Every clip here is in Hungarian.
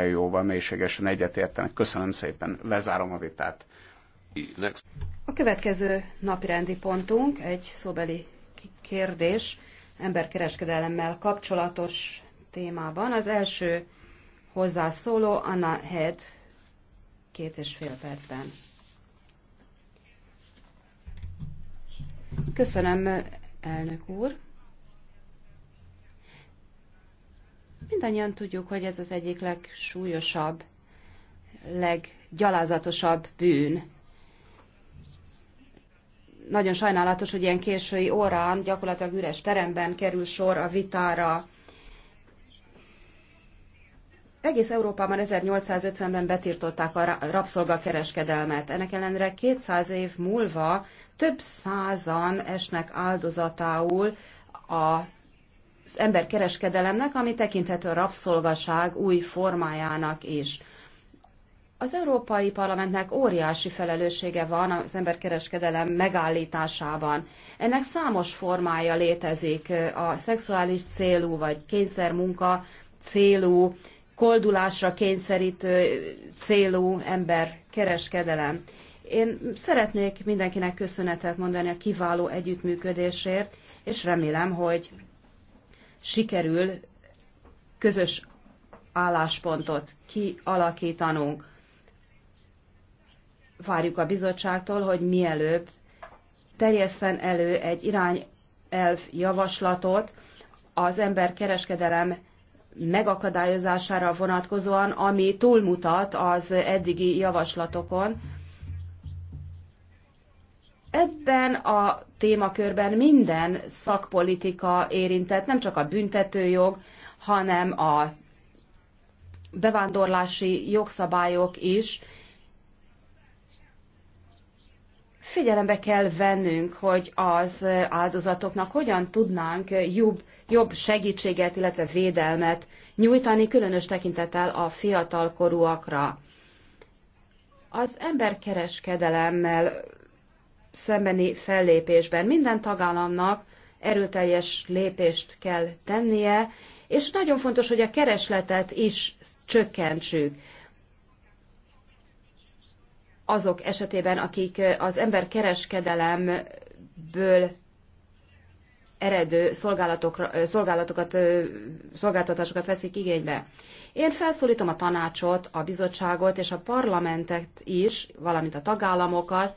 jóval mélységesen egyetértenek. Köszönöm szépen, lezárom a vitát. A következő napirendi pontunk egy szóbeli kérdés emberkereskedelemmel kapcsolatos témában. Az első hozzászóló Anna Head két és fél percben. Köszönöm, elnök úr. Mindannyian tudjuk, hogy ez az egyik legsúlyosabb, leggyalázatosabb bűn. Nagyon sajnálatos, hogy ilyen késői órán, gyakorlatilag üres teremben kerül sor a vitára. Egész Európában 1850-ben betiltották a rabszolgakereskedelmet. Ennek ellenre 200 év múlva több százan esnek áldozatául a az emberkereskedelemnek, ami tekinthető a rabszolgaság új formájának is. Az Európai Parlamentnek óriási felelőssége van az emberkereskedelem megállításában. Ennek számos formája létezik, a szexuális célú vagy kényszermunka célú, koldulásra kényszerítő célú emberkereskedelem. Én szeretnék mindenkinek köszönetet mondani a kiváló együttműködésért, és remélem, hogy sikerül közös álláspontot kialakítanunk. Várjuk a bizottságtól, hogy mielőbb terjesszen elő egy irányelv javaslatot az emberkereskedelem megakadályozására vonatkozóan, ami túlmutat az eddigi javaslatokon, Ebben a témakörben minden szakpolitika érintett, nem csak a büntetőjog, hanem a bevándorlási jogszabályok is. Figyelembe kell vennünk, hogy az áldozatoknak hogyan tudnánk jobb, jobb segítséget, illetve védelmet nyújtani, különös tekintettel a fiatalkorúakra. Az emberkereskedelemmel szembeni fellépésben. Minden tagállamnak erőteljes lépést kell tennie, és nagyon fontos, hogy a keresletet is csökkentsük azok esetében, akik az ember kereskedelemből eredő szolgálatokat, szolgáltatásokat veszik igénybe. Én felszólítom a tanácsot, a bizottságot és a parlamentet is, valamint a tagállamokat,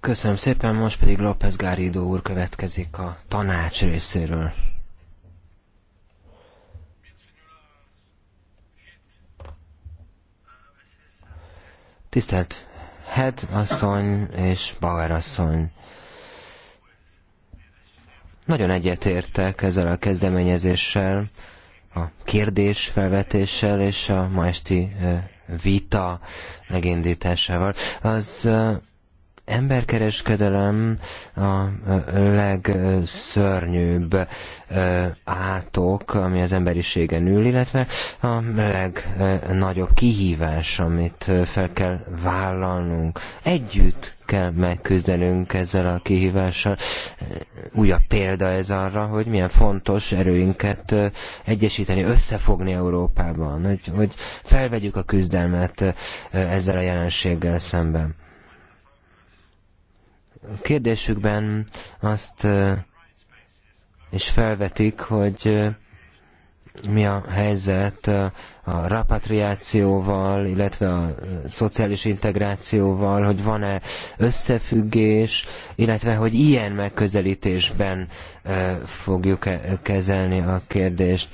Köszönöm szépen, most pedig López Gáridó úr következik a tanács részéről. Tisztelt Het asszony és Bauer asszony. Nagyon egyetértek ezzel a kezdeményezéssel, a kérdés felvetéssel és a ma esti vita megindításával. Az emberkereskedelem a legszörnyűbb átok, ami az emberiségen ül, illetve a legnagyobb kihívás, amit fel kell vállalnunk. Együtt kell megküzdenünk ezzel a kihívással. Újabb példa ez arra, hogy milyen fontos erőinket egyesíteni, összefogni Európában, hogy, hogy felvegyük a küzdelmet ezzel a jelenséggel szemben kérdésükben azt is felvetik, hogy mi a helyzet a rapatriációval, illetve a szociális integrációval, hogy van-e összefüggés, illetve hogy ilyen megközelítésben fogjuk -e kezelni a kérdést.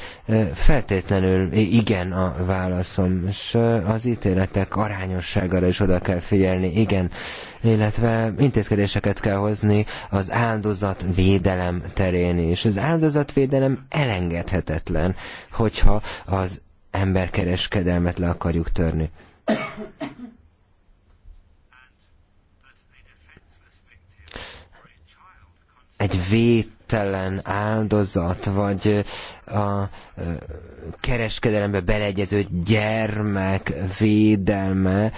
Feltétlenül igen a válaszom, és az ítéletek arányosságára is oda kell figyelni, igen, illetve intézkedéseket kell hozni az áldozatvédelem terén is. Az áldozatvédelem elengedhetetlen, hogyha az emberkereskedelmet le akarjuk törni. Egy védtelen áldozat, vagy a kereskedelembe beleegyező gyermek védelme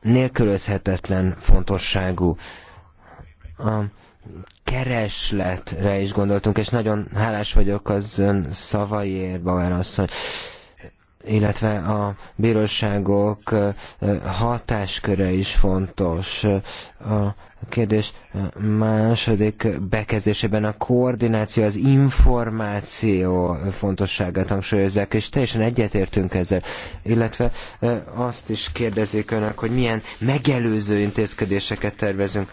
nélkülözhetetlen fontosságú. A keresletre is gondoltunk, és nagyon hálás vagyok az ön szavaiért, Bauer asszony illetve a bíróságok hatásköre is fontos. A kérdés második bekezdésében a koordináció, az információ fontosságát hangsúlyozzák, és teljesen egyetértünk ezzel. Illetve azt is kérdezik önök, hogy milyen megelőző intézkedéseket tervezünk.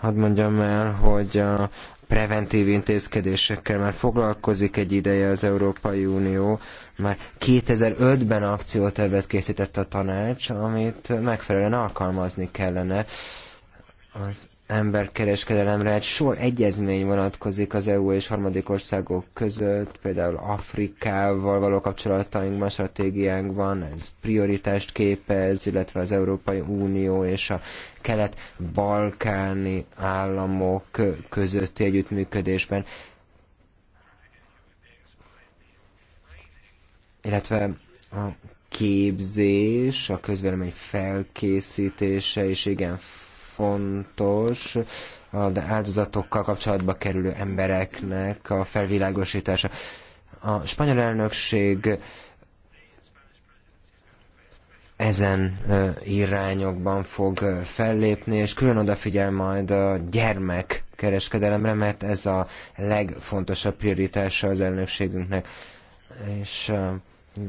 Hadd mondjam el, hogy a, preventív intézkedésekkel már foglalkozik egy ideje az Európai Unió, már 2005-ben akciótervet készített a tanács, amit megfelelően alkalmazni kellene. Az emberkereskedelemre egy sor egyezmény vonatkozik az EU és harmadik országok között, például Afrikával való kapcsolatainkban, stratégiánkban, ez prioritást képez, illetve az Európai Unió és a kelet-balkáni államok közötti együttműködésben illetve a képzés, a közvélemény felkészítése is igen fontos de áldozatokkal kapcsolatba kerülő embereknek a felvilágosítása. A spanyol elnökség ezen irányokban fog fellépni, és külön odafigyel majd a gyermekkereskedelemre, mert ez a legfontosabb prioritása az elnökségünknek. És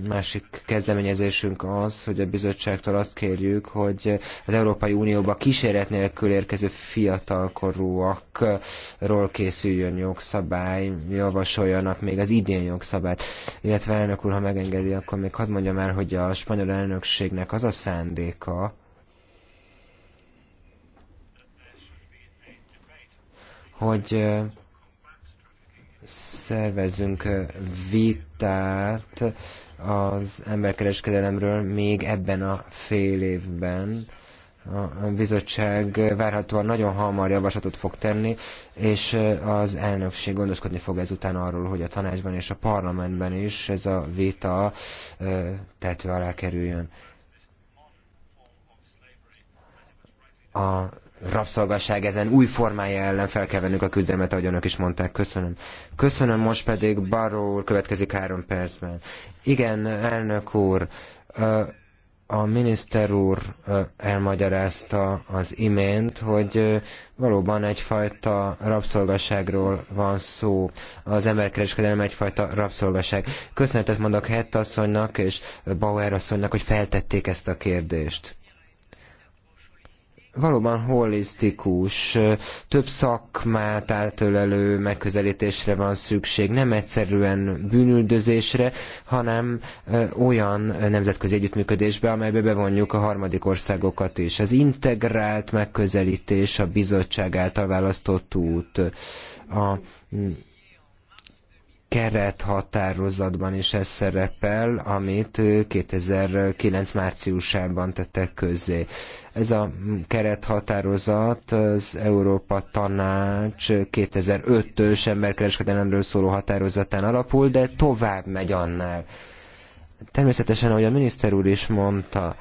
másik kezdeményezésünk az, hogy a bizottságtól azt kérjük, hogy az Európai Unióba kíséret nélkül érkező fiatalkorúakról készüljön jogszabály, javasoljanak még az idén jogszabályt. Illetve elnök úr, ha megengedi, akkor még hadd mondja már, hogy a spanyol elnökségnek az a szándéka, hogy szervezünk vitát az emberkereskedelemről még ebben a fél évben. A bizottság várhatóan nagyon hamar javaslatot fog tenni, és az elnökség gondoskodni fog ezután arról, hogy a tanácsban és a parlamentben is ez a vita tető alá kerüljön. A rabszolgasság ezen új formája ellen fel kell vennünk a küzdelmet, ahogy önök is mondták. Köszönöm. Köszönöm, most pedig Baró úr következik három percben. Igen, elnök úr, a miniszter úr elmagyarázta az imént, hogy valóban egyfajta rabszolgaságról van szó. Az emberkereskedelem egyfajta rabszolgaság. Köszönetet mondok Hett asszonynak és Bauer asszonynak, hogy feltették ezt a kérdést valóban holisztikus, több szakmát átölelő megközelítésre van szükség, nem egyszerűen bűnüldözésre, hanem olyan nemzetközi együttműködésbe, amelybe bevonjuk a harmadik országokat is. Az integrált megközelítés a bizottság által választott út, a kerethatározatban is ez szerepel, amit 2009 márciusában tettek közzé. Ez a kerethatározat az Európa Tanács 2005-ös emberkereskedelemről szóló határozatán alapul, de tovább megy annál. Természetesen, ahogy a miniszter úr is mondta,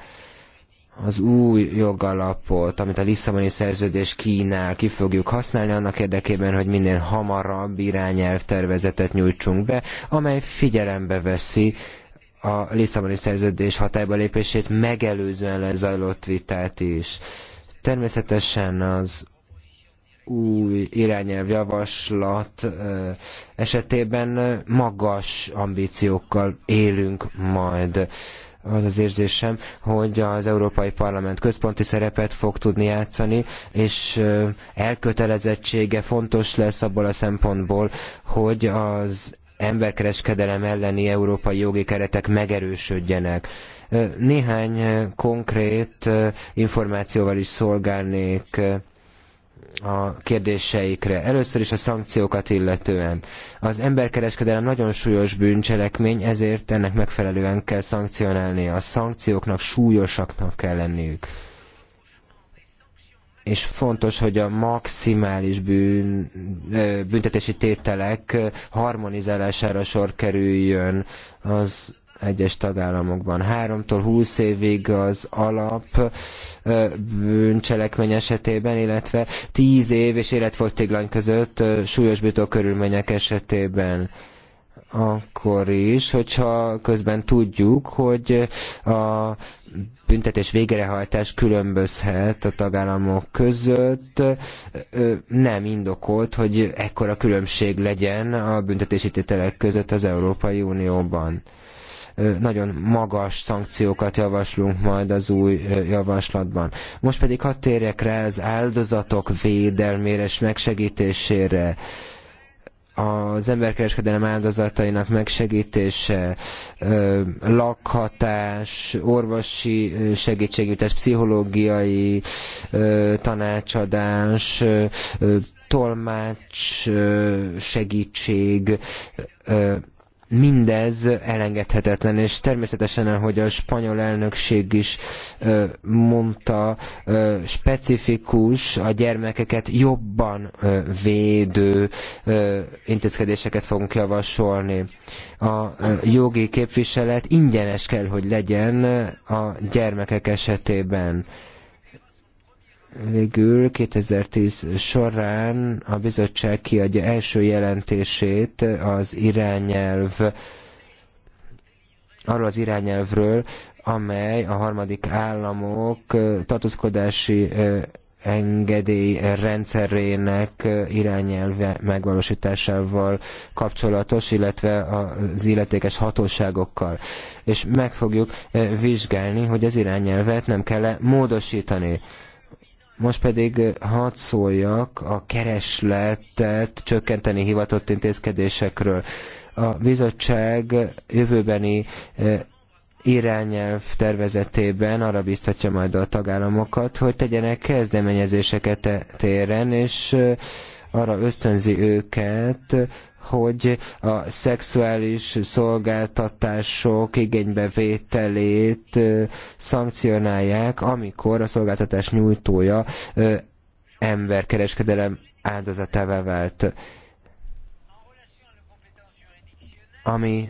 az új jogalapot, amit a Lisszaboni szerződés kínál, ki fogjuk használni annak érdekében, hogy minél hamarabb irányelvtervezetet nyújtsunk be, amely figyelembe veszi a Lisszaboni szerződés hatályba lépését megelőzően lezajlott vitát is. Természetesen az új irányelvjavaslat esetében magas ambíciókkal élünk majd az az érzésem, hogy az Európai Parlament központi szerepet fog tudni játszani, és elkötelezettsége fontos lesz abból a szempontból, hogy az emberkereskedelem elleni európai jogi keretek megerősödjenek. Néhány konkrét információval is szolgálnék a kérdéseikre. Először is a szankciókat illetően. Az emberkereskedelem nagyon súlyos bűncselekmény, ezért ennek megfelelően kell szankcionálni. A szankcióknak súlyosaknak kell lenniük. És fontos, hogy a maximális bűn, büntetési tételek harmonizálására sor kerüljön az egyes tagállamokban. 3-tól 20 évig az alap bűncselekmény esetében, illetve 10 év és életfogytiglany között súlyosbító körülmények esetében akkor is, hogyha közben tudjuk, hogy a büntetés végrehajtás különbözhet a tagállamok között, nem indokolt, hogy ekkora különbség legyen a büntetési tételek között az Európai Unióban nagyon magas szankciókat javaslunk majd az új javaslatban. Most pedig hadd térjek rá az áldozatok védelmére és megsegítésére az emberkereskedelem áldozatainak megsegítése, lakhatás, orvosi segítségnyújtás, pszichológiai tanácsadás, tolmács segítség, mindez elengedhetetlen, és természetesen, ahogy a spanyol elnökség is mondta, specifikus, a gyermekeket jobban védő intézkedéseket fogunk javasolni. A jogi képviselet ingyenes kell, hogy legyen a gyermekek esetében. Végül 2010 során a bizottság kiadja első jelentését az irányelv arról az irányelvről, amely a harmadik államok tartózkodási engedély rendszerének irányelve megvalósításával kapcsolatos, illetve az illetékes hatóságokkal. És meg fogjuk vizsgálni, hogy az irányelvet nem kell -e módosítani. Most pedig eh, hadd szóljak a keresletet csökkenteni hivatott intézkedésekről. A bizottság jövőbeni eh, irányelv tervezetében arra biztatja majd a tagállamokat, hogy tegyenek kezdeményezéseket e téren, és eh, arra ösztönzi őket, hogy a szexuális szolgáltatások igénybevételét szankcionálják, amikor a szolgáltatás nyújtója emberkereskedelem áldozatává vált. Ami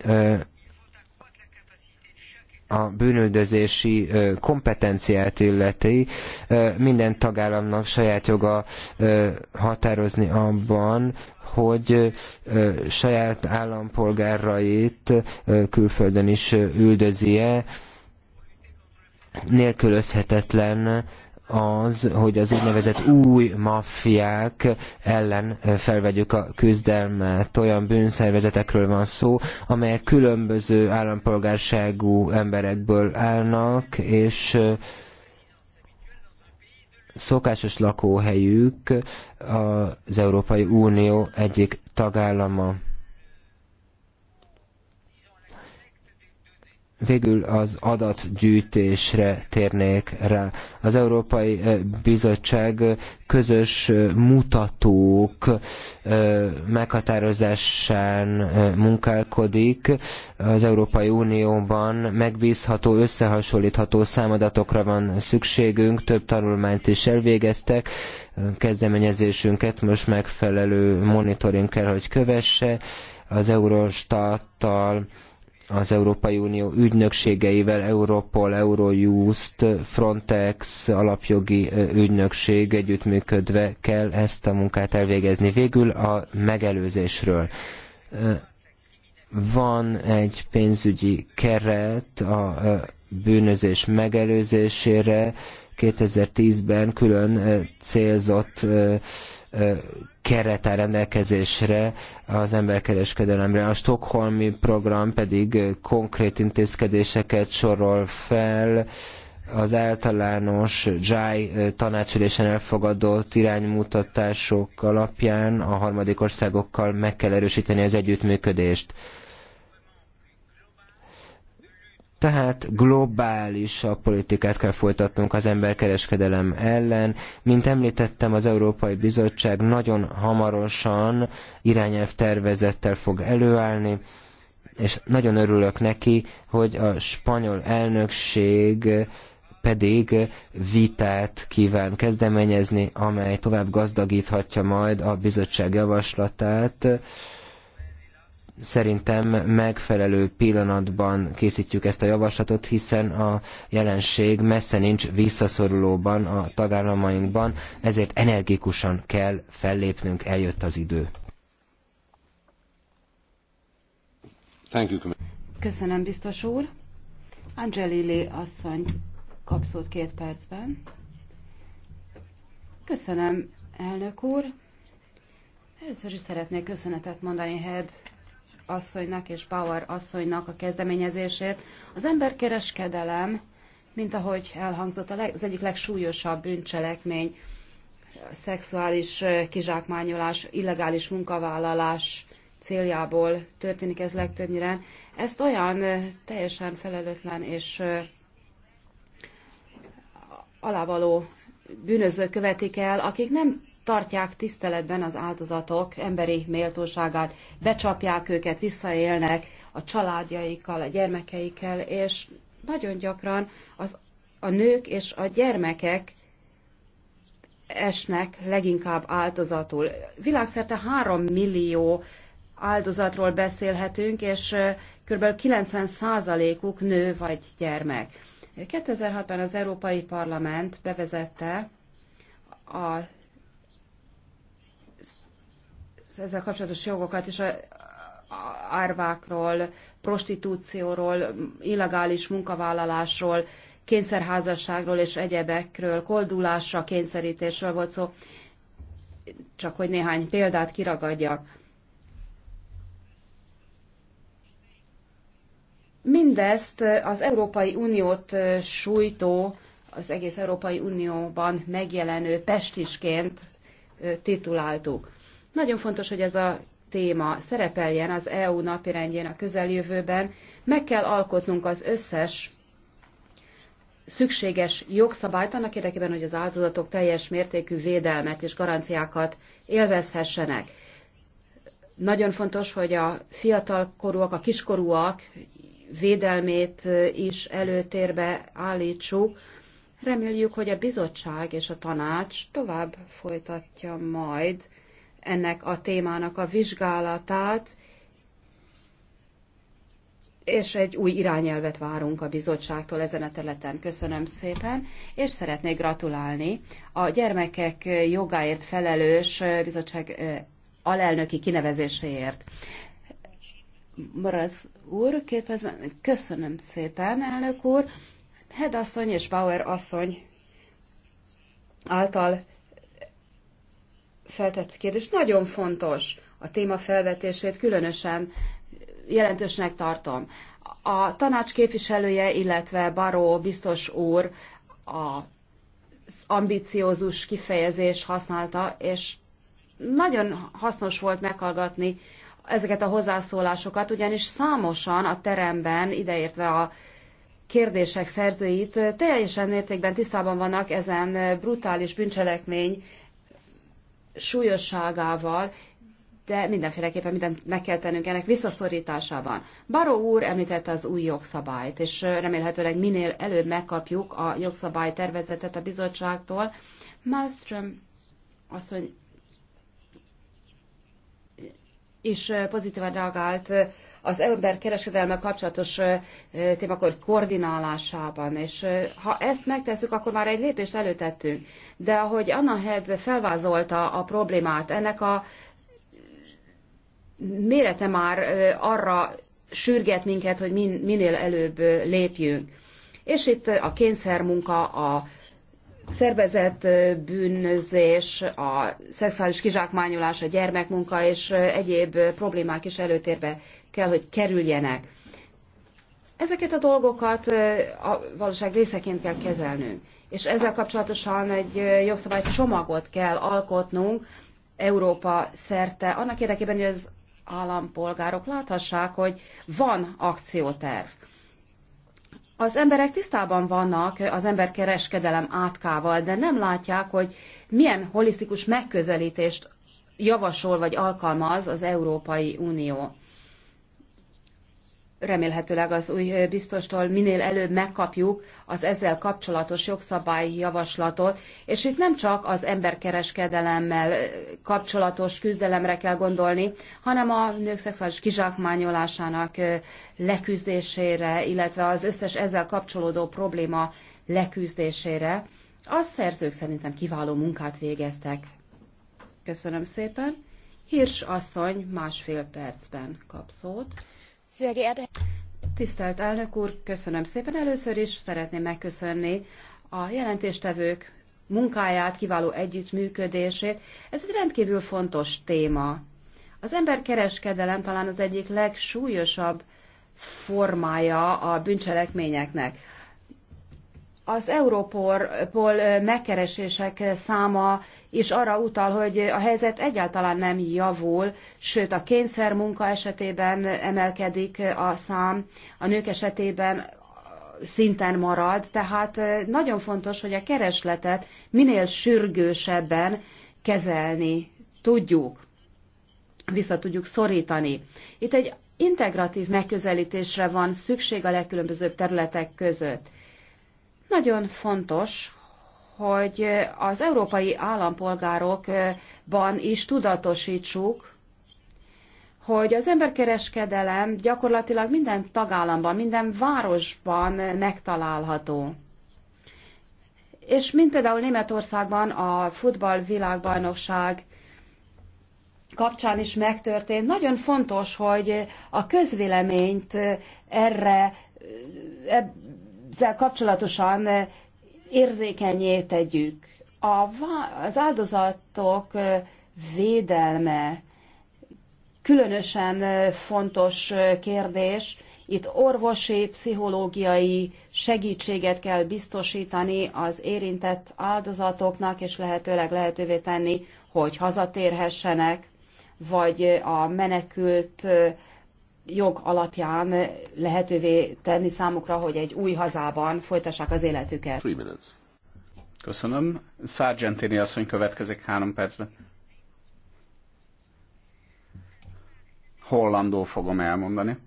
a bűnöldözési kompetenciát illeti, minden tagállamnak saját joga határozni abban, hogy saját állampolgárait külföldön is üldözi-e, nélkülözhetetlen az, hogy az úgynevezett új maffiák ellen felvegyük a küzdelmet. Olyan bűnszervezetekről van szó, amelyek különböző állampolgárságú emberekből állnak, és szokásos lakóhelyük az Európai Unió egyik tagállama. Végül az adatgyűjtésre térnék rá. Az Európai eh, Bizottság eh, közös eh, mutatók meghatározásán munkálkodik. Az Európai Unióban megbízható, összehasonlítható számadatokra van szükségünk, több tanulmányt is elvégeztek, kezdeményezésünket most megfelelő monitoring kell, hogy kövesse. Az Eurostattal az Európai Unió ügynökségeivel, Europol, Eurojust, Frontex alapjogi ügynökség együttműködve kell ezt a munkát elvégezni. Végül a megelőzésről. Van egy pénzügyi keret a bűnözés megelőzésére, 2010-ben külön célzott áll rendelkezésre az emberkereskedelemre. A Stockholmi program pedig konkrét intézkedéseket sorol fel, az általános JAI tanácsülésen elfogadott iránymutatások alapján a harmadik országokkal meg kell erősíteni az együttműködést. Tehát globális a politikát kell folytatnunk az emberkereskedelem ellen. Mint említettem, az Európai Bizottság nagyon hamarosan irányelv tervezettel fog előállni, és nagyon örülök neki, hogy a spanyol elnökség pedig vitát kíván kezdeményezni, amely tovább gazdagíthatja majd a bizottság javaslatát Szerintem megfelelő pillanatban készítjük ezt a javaslatot, hiszen a jelenség messze nincs visszaszorulóban a tagállamainkban, ezért energikusan kell fellépnünk, eljött az idő. Köszönöm, biztos úr. Angelili asszony kap két percben. Köszönöm, elnök úr. Először is szeretnék köszönetet mondani Head asszonynak és Power asszonynak a kezdeményezését. Az emberkereskedelem, mint ahogy elhangzott, az egyik legsúlyosabb bűncselekmény, szexuális kizsákmányolás, illegális munkavállalás céljából történik ez legtöbbnyire. Ezt olyan teljesen felelőtlen és alávaló bűnözők követik el, akik nem tartják tiszteletben az áldozatok emberi méltóságát, becsapják őket, visszaélnek a családjaikkal, a gyermekeikkel, és nagyon gyakran az, a nők és a gyermekek esnek leginkább áldozatul. Világszerte 3 millió áldozatról beszélhetünk, és kb. 90%-uk nő vagy gyermek. 2006-ban az Európai Parlament bevezette a ezzel kapcsolatos jogokat, és a árvákról, prostitúcióról, illegális munkavállalásról, kényszerházasságról és egyebekről, koldulásra, kényszerítésről volt szó, csak hogy néhány példát kiragadjak. Mindezt az Európai Uniót sújtó, az egész Európai Unióban megjelenő pestisként tituláltuk. Nagyon fontos, hogy ez a téma szerepeljen az EU napirendjén a közeljövőben. Meg kell alkotnunk az összes szükséges jogszabályt annak érdekében, hogy az áldozatok teljes mértékű védelmet és garanciákat élvezhessenek. Nagyon fontos, hogy a fiatalkorúak, a kiskorúak védelmét is előtérbe állítsuk. Reméljük, hogy a bizottság és a tanács tovább folytatja majd ennek a témának a vizsgálatát, és egy új irányelvet várunk a bizottságtól ezen a területen. Köszönöm szépen, és szeretnék gratulálni a gyermekek jogáért felelős bizottság alelnöki kinevezéséért. Marasz úr, képezben. Köszönöm szépen, elnök úr. Head asszony és Bauer asszony által feltett kérdés nagyon fontos, a téma felvetését különösen jelentősnek tartom. A tanács képviselője, illetve Baró biztos úr az ambiciózus kifejezés használta, és nagyon hasznos volt meghallgatni ezeket a hozzászólásokat, ugyanis számosan a teremben, ideértve a kérdések szerzőit, teljesen mértékben tisztában vannak ezen brutális bűncselekmény súlyosságával, de mindenféleképpen mindent meg kell tennünk ennek visszaszorításában. Baró úr említette az új jogszabályt, és remélhetőleg minél előbb megkapjuk a jogszabály tervezetet a bizottságtól. Malmström asszony is pozitívan reagált az kereskedelme kapcsolatos témakör koordinálásában. És ha ezt megtesszük, akkor már egy lépést előtettünk. De ahogy Anna Head felvázolta a problémát, ennek a mérete már arra sürget minket, hogy minél előbb lépjünk. És itt a kényszermunka, a szervezett bűnözés, a szexuális kizsákmányolás, a gyermekmunka és egyéb problémák is előtérbe kell, hogy kerüljenek. Ezeket a dolgokat a valóság részeként kell kezelnünk, és ezzel kapcsolatosan egy csomagot kell alkotnunk Európa szerte, annak érdekében, hogy az állampolgárok láthassák, hogy van akcióterv. Az emberek tisztában vannak az emberkereskedelem átkával, de nem látják, hogy milyen holisztikus megközelítést javasol vagy alkalmaz az Európai Unió remélhetőleg az új biztostól minél előbb megkapjuk az ezzel kapcsolatos jogszabályi javaslatot, és itt nem csak az emberkereskedelemmel kapcsolatos küzdelemre kell gondolni, hanem a nők szexuális kizsákmányolásának leküzdésére, illetve az összes ezzel kapcsolódó probléma leküzdésére. A szerzők szerintem kiváló munkát végeztek. Köszönöm szépen. Hirsch asszony másfél percben kap szót. Tisztelt elnök úr, köszönöm szépen először is. Szeretném megköszönni a jelentéstevők munkáját, kiváló együttműködését. Ez egy rendkívül fontos téma. Az emberkereskedelem talán az egyik legsúlyosabb formája a bűncselekményeknek. Az Európorból megkeresések száma is arra utal, hogy a helyzet egyáltalán nem javul, sőt a kényszermunka esetében emelkedik a szám, a nők esetében szinten marad, tehát nagyon fontos, hogy a keresletet minél sürgősebben kezelni tudjuk, vissza tudjuk szorítani. Itt egy integratív megközelítésre van szükség a legkülönbözőbb területek között. Nagyon fontos, hogy az európai állampolgárokban is tudatosítsuk, hogy az emberkereskedelem gyakorlatilag minden tagállamban, minden városban megtalálható. És mint például Németországban a futball világbajnokság kapcsán is megtörtént, nagyon fontos, hogy a közvéleményt erre ezzel kapcsolatosan érzékenyé tegyük. A, az áldozatok védelme különösen fontos kérdés. Itt orvosi, pszichológiai segítséget kell biztosítani az érintett áldozatoknak, és lehetőleg lehetővé tenni, hogy hazatérhessenek, vagy a menekült jog alapján lehetővé tenni számukra, hogy egy új hazában folytassák az életüket. Three minutes. Köszönöm. Sargentini asszony következik három percben. Hollandó fogom elmondani.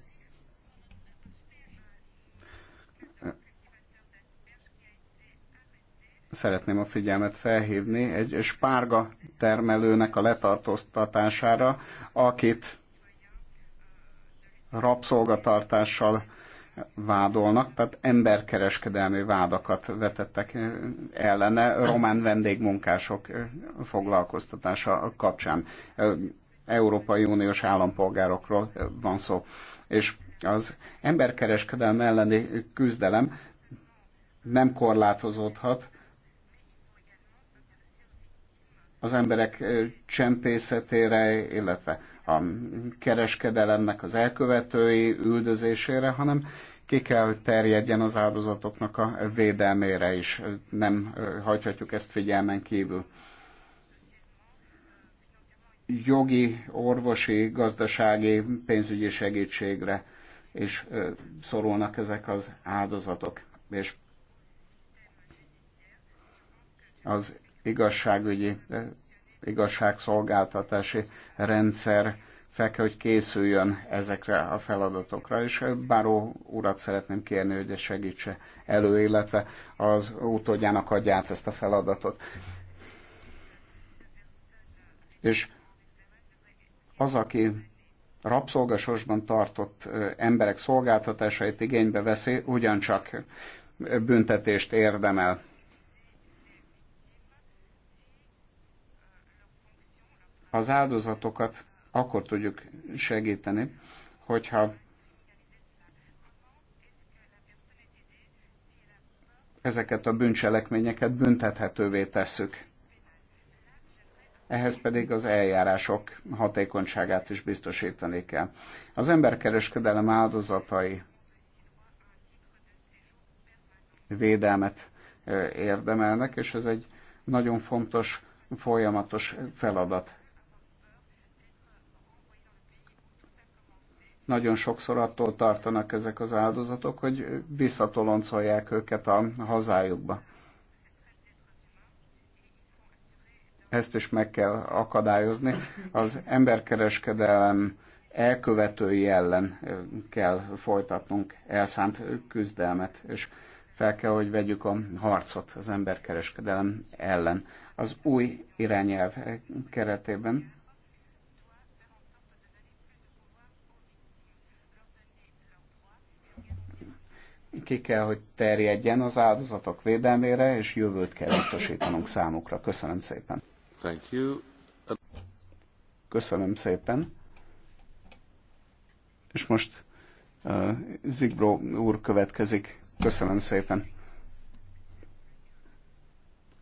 szeretném a figyelmet felhívni egy spárga termelőnek a letartóztatására, akit rabszolgatartással vádolnak, tehát emberkereskedelmi vádakat vetettek ellene román vendégmunkások foglalkoztatása kapcsán. Európai Uniós állampolgárokról van szó. És az emberkereskedelme elleni küzdelem nem korlátozódhat az emberek csempészetére, illetve a kereskedelemnek az elkövetői üldözésére, hanem ki kell, hogy terjedjen az áldozatoknak a védelmére is. Nem hagyhatjuk ezt figyelmen kívül. Jogi, orvosi, gazdasági, pénzügyi segítségre is szorulnak ezek az áldozatok. És az igazságügyi igazságszolgáltatási rendszer fel kell, hogy készüljön ezekre a feladatokra, és Báró urat szeretném kérni, hogy ez segítse elő, illetve az utódjának adja át ezt a feladatot. És az, aki rabszolgasosban tartott emberek szolgáltatásait igénybe veszi, ugyancsak büntetést érdemel. Az áldozatokat akkor tudjuk segíteni, hogyha ezeket a bűncselekményeket büntethetővé tesszük. Ehhez pedig az eljárások hatékonyságát is biztosítani kell. Az emberkereskedelem áldozatai védelmet érdemelnek, és ez egy nagyon fontos, folyamatos feladat Nagyon sokszor attól tartanak ezek az áldozatok, hogy visszatoloncolják őket a hazájukba. Ezt is meg kell akadályozni. Az emberkereskedelem elkövetői ellen kell folytatnunk elszánt küzdelmet, és fel kell, hogy vegyük a harcot az emberkereskedelem ellen. Az új irányelv keretében ki kell, hogy terjedjen az áldozatok védelmére, és jövőt kell biztosítanunk számukra. Köszönöm szépen. Thank you. Köszönöm szépen. És most uh, Zigbro úr következik. Köszönöm szépen.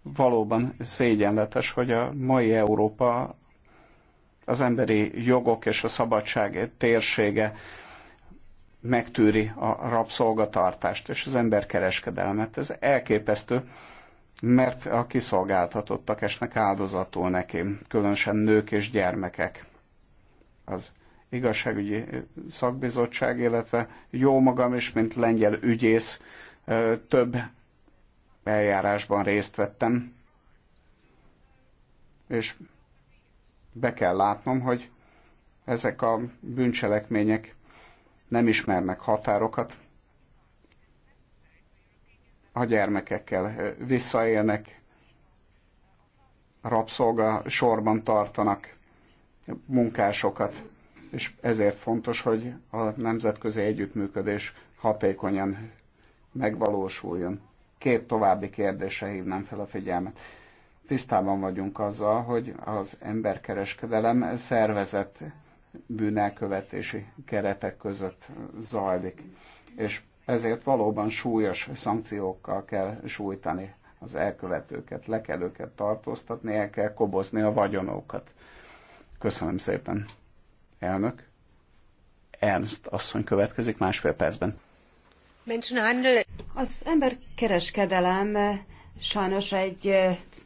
Valóban szégyenletes, hogy a mai Európa az emberi jogok és a szabadság térsége megtűri a rabszolgatartást és az emberkereskedelmet. Ez elképesztő, mert a kiszolgáltatottak esnek áldozatul neki, különösen nők és gyermekek. Az igazságügyi szakbizottság, illetve jó magam is, mint lengyel ügyész, több eljárásban részt vettem, és be kell látnom, hogy ezek a bűncselekmények nem ismernek határokat, a gyermekekkel visszaélnek, rabszolga sorban tartanak munkásokat, és ezért fontos, hogy a nemzetközi együttműködés hatékonyan megvalósuljon. Két további kérdésre hívnám fel a figyelmet. Tisztában vagyunk azzal, hogy az emberkereskedelem szervezett bűnelkövetési keretek között zajlik. És ezért valóban súlyos szankciókkal kell sújtani az elkövetőket, le kell őket tartóztatni, el kell kobozni a vagyonokat. Köszönöm szépen, elnök. Ernst asszony következik másfél percben. Az emberkereskedelem sajnos egy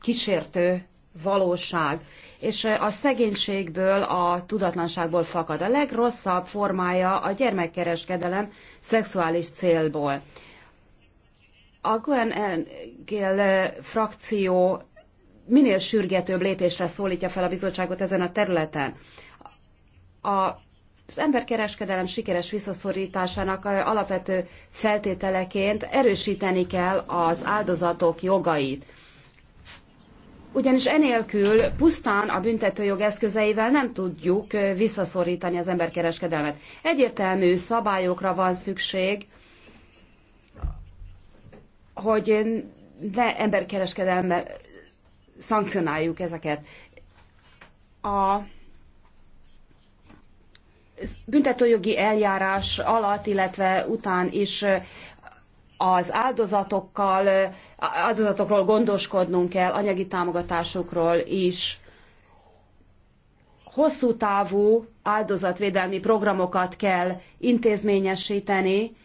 kísértő valóság, és a szegénységből, a tudatlanságból fakad. A legrosszabb formája a gyermekkereskedelem szexuális célból. A Guen frakció minél sürgetőbb lépésre szólítja fel a bizottságot ezen a területen. A az emberkereskedelem sikeres visszaszorításának alapvető feltételeként erősíteni kell az áldozatok jogait ugyanis enélkül pusztán a büntetőjog eszközeivel nem tudjuk visszaszorítani az emberkereskedelmet. Egyértelmű szabályokra van szükség, hogy ne emberkereskedelemmel szankcionáljuk ezeket. A büntetőjogi eljárás alatt, illetve után is az áldozatokkal, áldozatokról gondoskodnunk kell, anyagi támogatásokról is. Hosszú távú áldozatvédelmi programokat kell intézményesíteni,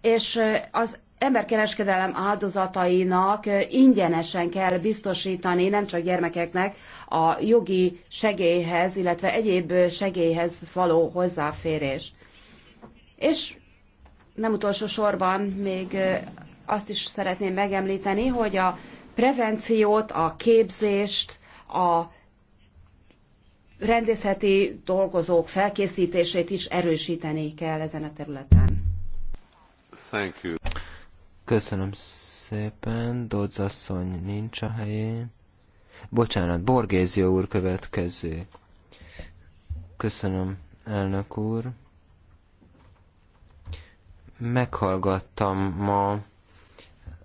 és az emberkereskedelem áldozatainak ingyenesen kell biztosítani nem csak gyermekeknek a jogi segélyhez, illetve egyéb segélyhez való hozzáférés. És nem utolsó sorban még azt is szeretném megemlíteni, hogy a prevenciót, a képzést, a rendészeti dolgozók felkészítését is erősíteni kell ezen a területen. Thank you. Köszönöm szépen, Dodzasszony nincs a helyén. Bocsánat, Borgézió úr következő. Köszönöm, elnök úr meghallgattam ma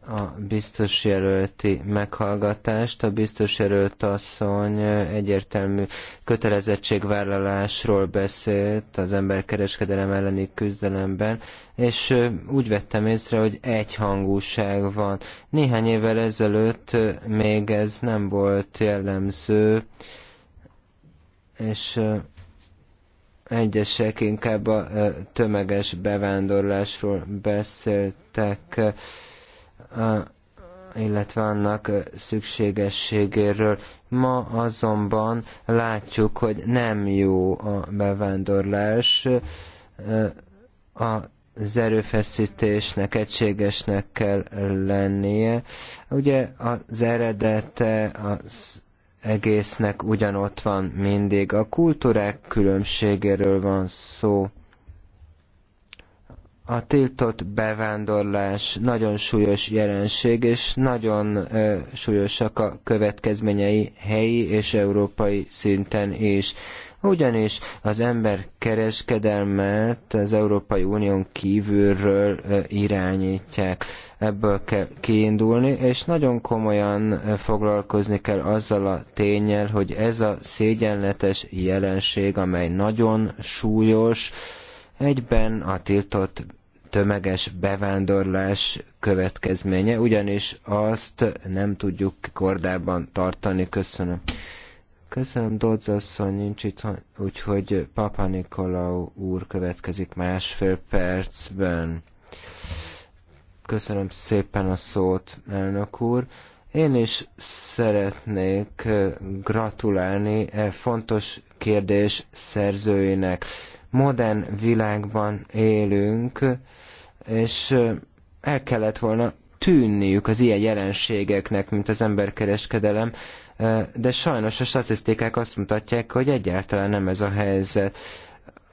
a biztos jelölti meghallgatást. A biztos jelölt asszony egyértelmű kötelezettségvállalásról beszélt az emberkereskedelem elleni küzdelemben, és úgy vettem észre, hogy egyhangúság van. Néhány évvel ezelőtt még ez nem volt jellemző, és Egyesek inkább a tömeges bevándorlásról beszéltek, illetve annak szükségességéről. Ma azonban látjuk, hogy nem jó a bevándorlás. A az erőfeszítésnek egységesnek kell lennie. Ugye az eredete, az egésznek ugyanott van mindig. A kultúrák különbségéről van szó. A tiltott bevándorlás nagyon súlyos jelenség, és nagyon ö, súlyosak a következményei helyi és európai szinten is ugyanis az ember kereskedelmet az Európai Unión kívülről irányítják. Ebből kell kiindulni, és nagyon komolyan foglalkozni kell azzal a tényel, hogy ez a szégyenletes jelenség, amely nagyon súlyos, egyben a tiltott tömeges bevándorlás következménye, ugyanis azt nem tudjuk kordában tartani. Köszönöm. Köszönöm, Dodz asszony nincs itt, úgyhogy Papa Nikolau úr következik másfél percben. Köszönöm szépen a szót, elnök úr. Én is szeretnék gratulálni e fontos kérdés szerzőinek. Modern világban élünk, és el kellett volna tűnniük az ilyen jelenségeknek, mint az emberkereskedelem, de sajnos a statisztikák azt mutatják, hogy egyáltalán nem ez a helyzet.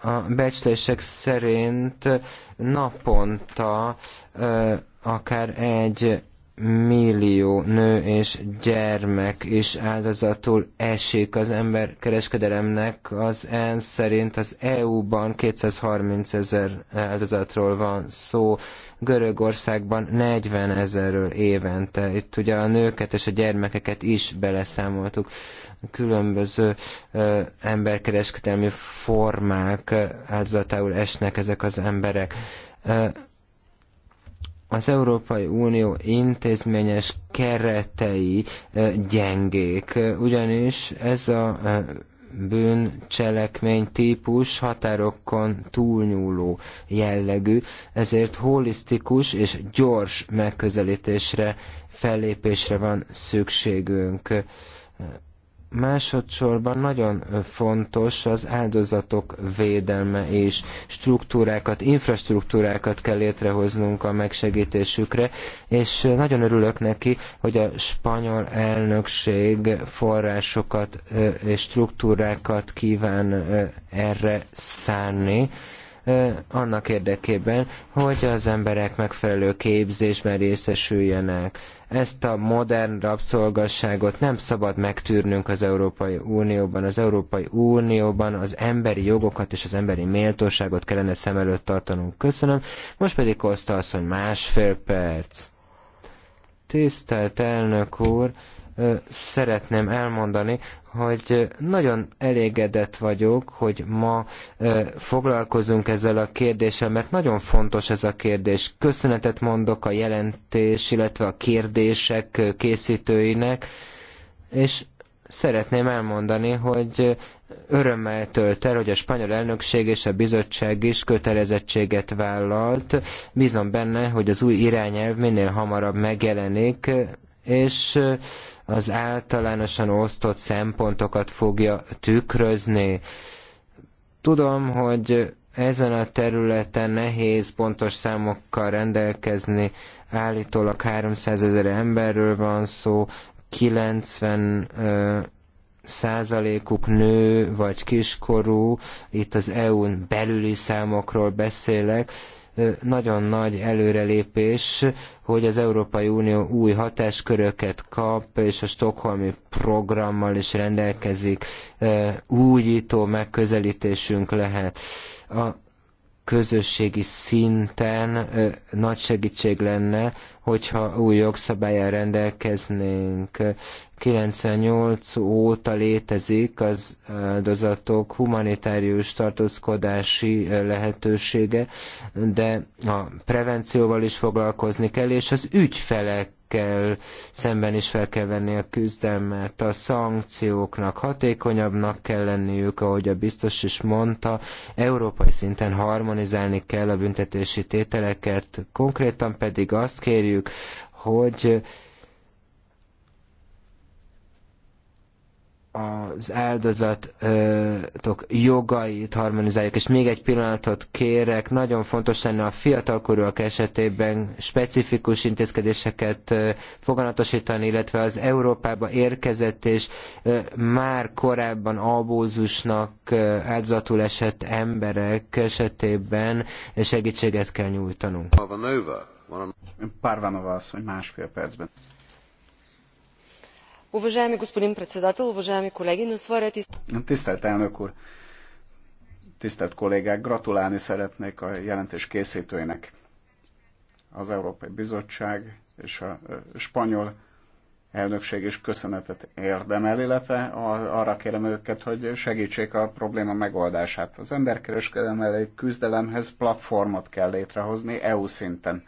A becslések szerint naponta akár egy millió nő és gyermek is áldozatul esik az emberkereskedelemnek. Az ENSZ szerint az EU-ban 230 ezer áldozatról van szó, Görögországban 40 ezerről évente. Itt ugye a nőket és a gyermekeket is beleszámoltuk. Különböző ö, emberkereskedelmi formák áldozatául esnek ezek az emberek. Ö, az Európai Unió intézményes keretei gyengék, ugyanis ez a bűncselekmény típus határokon túlnyúló jellegű, ezért holisztikus és gyors megközelítésre, fellépésre van szükségünk Másodszorban nagyon fontos az áldozatok védelme és struktúrákat, infrastruktúrákat kell létrehoznunk a megsegítésükre, és nagyon örülök neki, hogy a spanyol elnökség forrásokat és struktúrákat kíván erre szánni annak érdekében, hogy az emberek megfelelő képzésben részesüljenek. Ezt a modern rabszolgasságot nem szabad megtűrnünk az Európai Unióban. Az Európai Unióban az emberi jogokat és az emberi méltóságot kellene szem előtt tartanunk. Köszönöm. Most pedig Koszta asszony másfél perc. Tisztelt elnök úr! szeretném elmondani, hogy nagyon elégedett vagyok, hogy ma foglalkozunk ezzel a kérdéssel, mert nagyon fontos ez a kérdés. Köszönetet mondok a jelentés, illetve a kérdések készítőinek, és szeretném elmondani, hogy örömmel tölt el, hogy a spanyol elnökség és a bizottság is kötelezettséget vállalt. Bízom benne, hogy az új irányelv minél hamarabb megjelenik, és az általánosan osztott szempontokat fogja tükrözni. Tudom, hogy ezen a területen nehéz pontos számokkal rendelkezni, állítólag 300 ezer emberről van szó, 90 ö, százalékuk nő vagy kiskorú, itt az EU-n belüli számokról beszélek, nagyon nagy előrelépés, hogy az Európai Unió új hatásköröket kap, és a Stockholmi programmal is rendelkezik, újító megközelítésünk lehet. A közösségi szinten nagy segítség lenne, hogyha új jogszabályán rendelkeznénk. 98 óta létezik az áldozatok humanitárius tartózkodási lehetősége, de a prevencióval is foglalkozni kell, és az ügyfelek ezekkel szemben is fel kell venni a küzdelmet. A szankcióknak hatékonyabbnak kell lenniük, ahogy a biztos is mondta, európai szinten harmonizálni kell a büntetési tételeket, konkrétan pedig azt kérjük, hogy az áldozatok jogait harmonizáljuk. És még egy pillanatot kérek, nagyon fontos lenne a fiatalkorúak esetében specifikus intézkedéseket foganatosítani, illetve az Európába érkezett és már korábban abózusnak áldozatul esett emberek esetében segítséget kell nyújtanunk. Parvanova asszony másfél percben. Tisztelt elnök úr! Tisztelt kollégák! Gratulálni szeretnék a jelentés készítőinek. Az Európai Bizottság és a spanyol elnökség is köszönetet érdemel, illetve arra kérem őket, hogy segítsék a probléma megoldását. Az emberkereskedelem elleni küzdelemhez platformot kell létrehozni EU szinten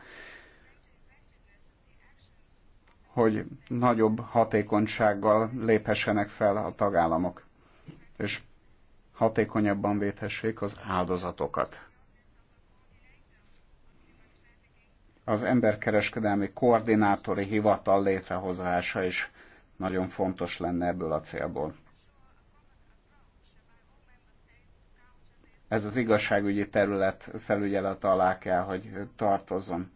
hogy nagyobb hatékonysággal léphessenek fel a tagállamok, és hatékonyabban védhessék az áldozatokat. Az emberkereskedelmi koordinátori hivatal létrehozása is nagyon fontos lenne ebből a célból. Ez az igazságügyi terület felügyelet alá kell, hogy tartozzon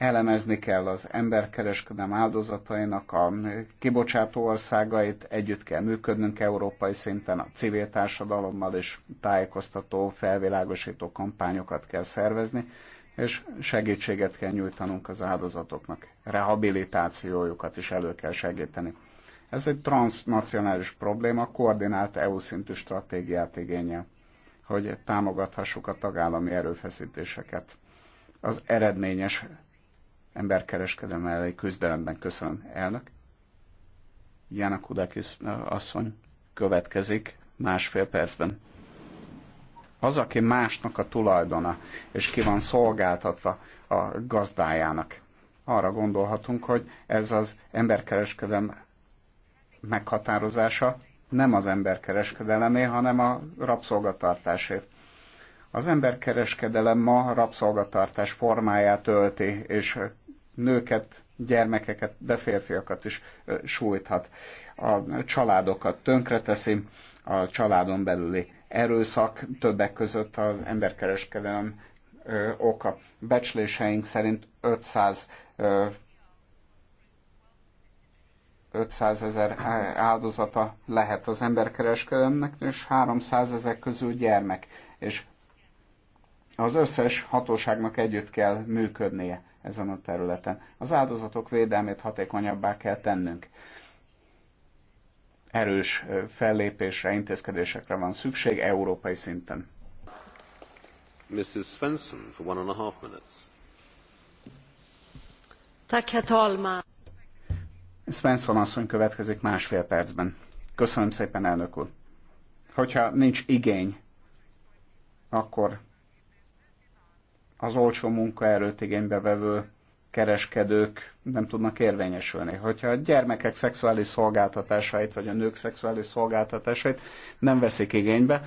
elemezni kell az emberkereskedem áldozatainak a kibocsátó országait, együtt kell működnünk európai szinten a civil társadalommal, és tájékoztató, felvilágosító kampányokat kell szervezni, és segítséget kell nyújtanunk az áldozatoknak, rehabilitációjukat is elő kell segíteni. Ez egy transnacionális probléma, koordinált EU szintű stratégiát igényel, hogy támogathassuk a tagállami erőfeszítéseket. Az eredményes emberkereskedelem elleni küzdelemben. Köszönöm, elnök. Jana Kudakis asszony következik másfél percben. Az, aki másnak a tulajdona, és ki van szolgáltatva a gazdájának. Arra gondolhatunk, hogy ez az emberkereskedelem meghatározása nem az emberkereskedelemé, hanem a rabszolgatartásé. Az emberkereskedelem ma rabszolgatartás formáját ölti, és nőket, gyermekeket, de férfiakat is sújthat. A családokat tönkreteszi, a családon belüli erőszak többek között az emberkereskedelem oka. Becsléseink szerint 500 500 ezer áldozata lehet az emberkereskedelemnek, és 300 ezer közül gyermek, és az összes hatóságnak együtt kell működnie ezen a területen. Az áldozatok védelmét hatékonyabbá kell tennünk. Erős fellépésre, intézkedésekre van szükség európai szinten. Mrs. Svensson for one and a half minutes. Tack, Svensson asszony következik másfél percben. Köszönöm szépen, elnök úr. Hogyha nincs igény, akkor az olcsó munkaerőt igénybe vevő kereskedők nem tudnak érvényesülni. Hogyha a gyermekek szexuális szolgáltatásait, vagy a nők szexuális szolgáltatásait nem veszik igénybe,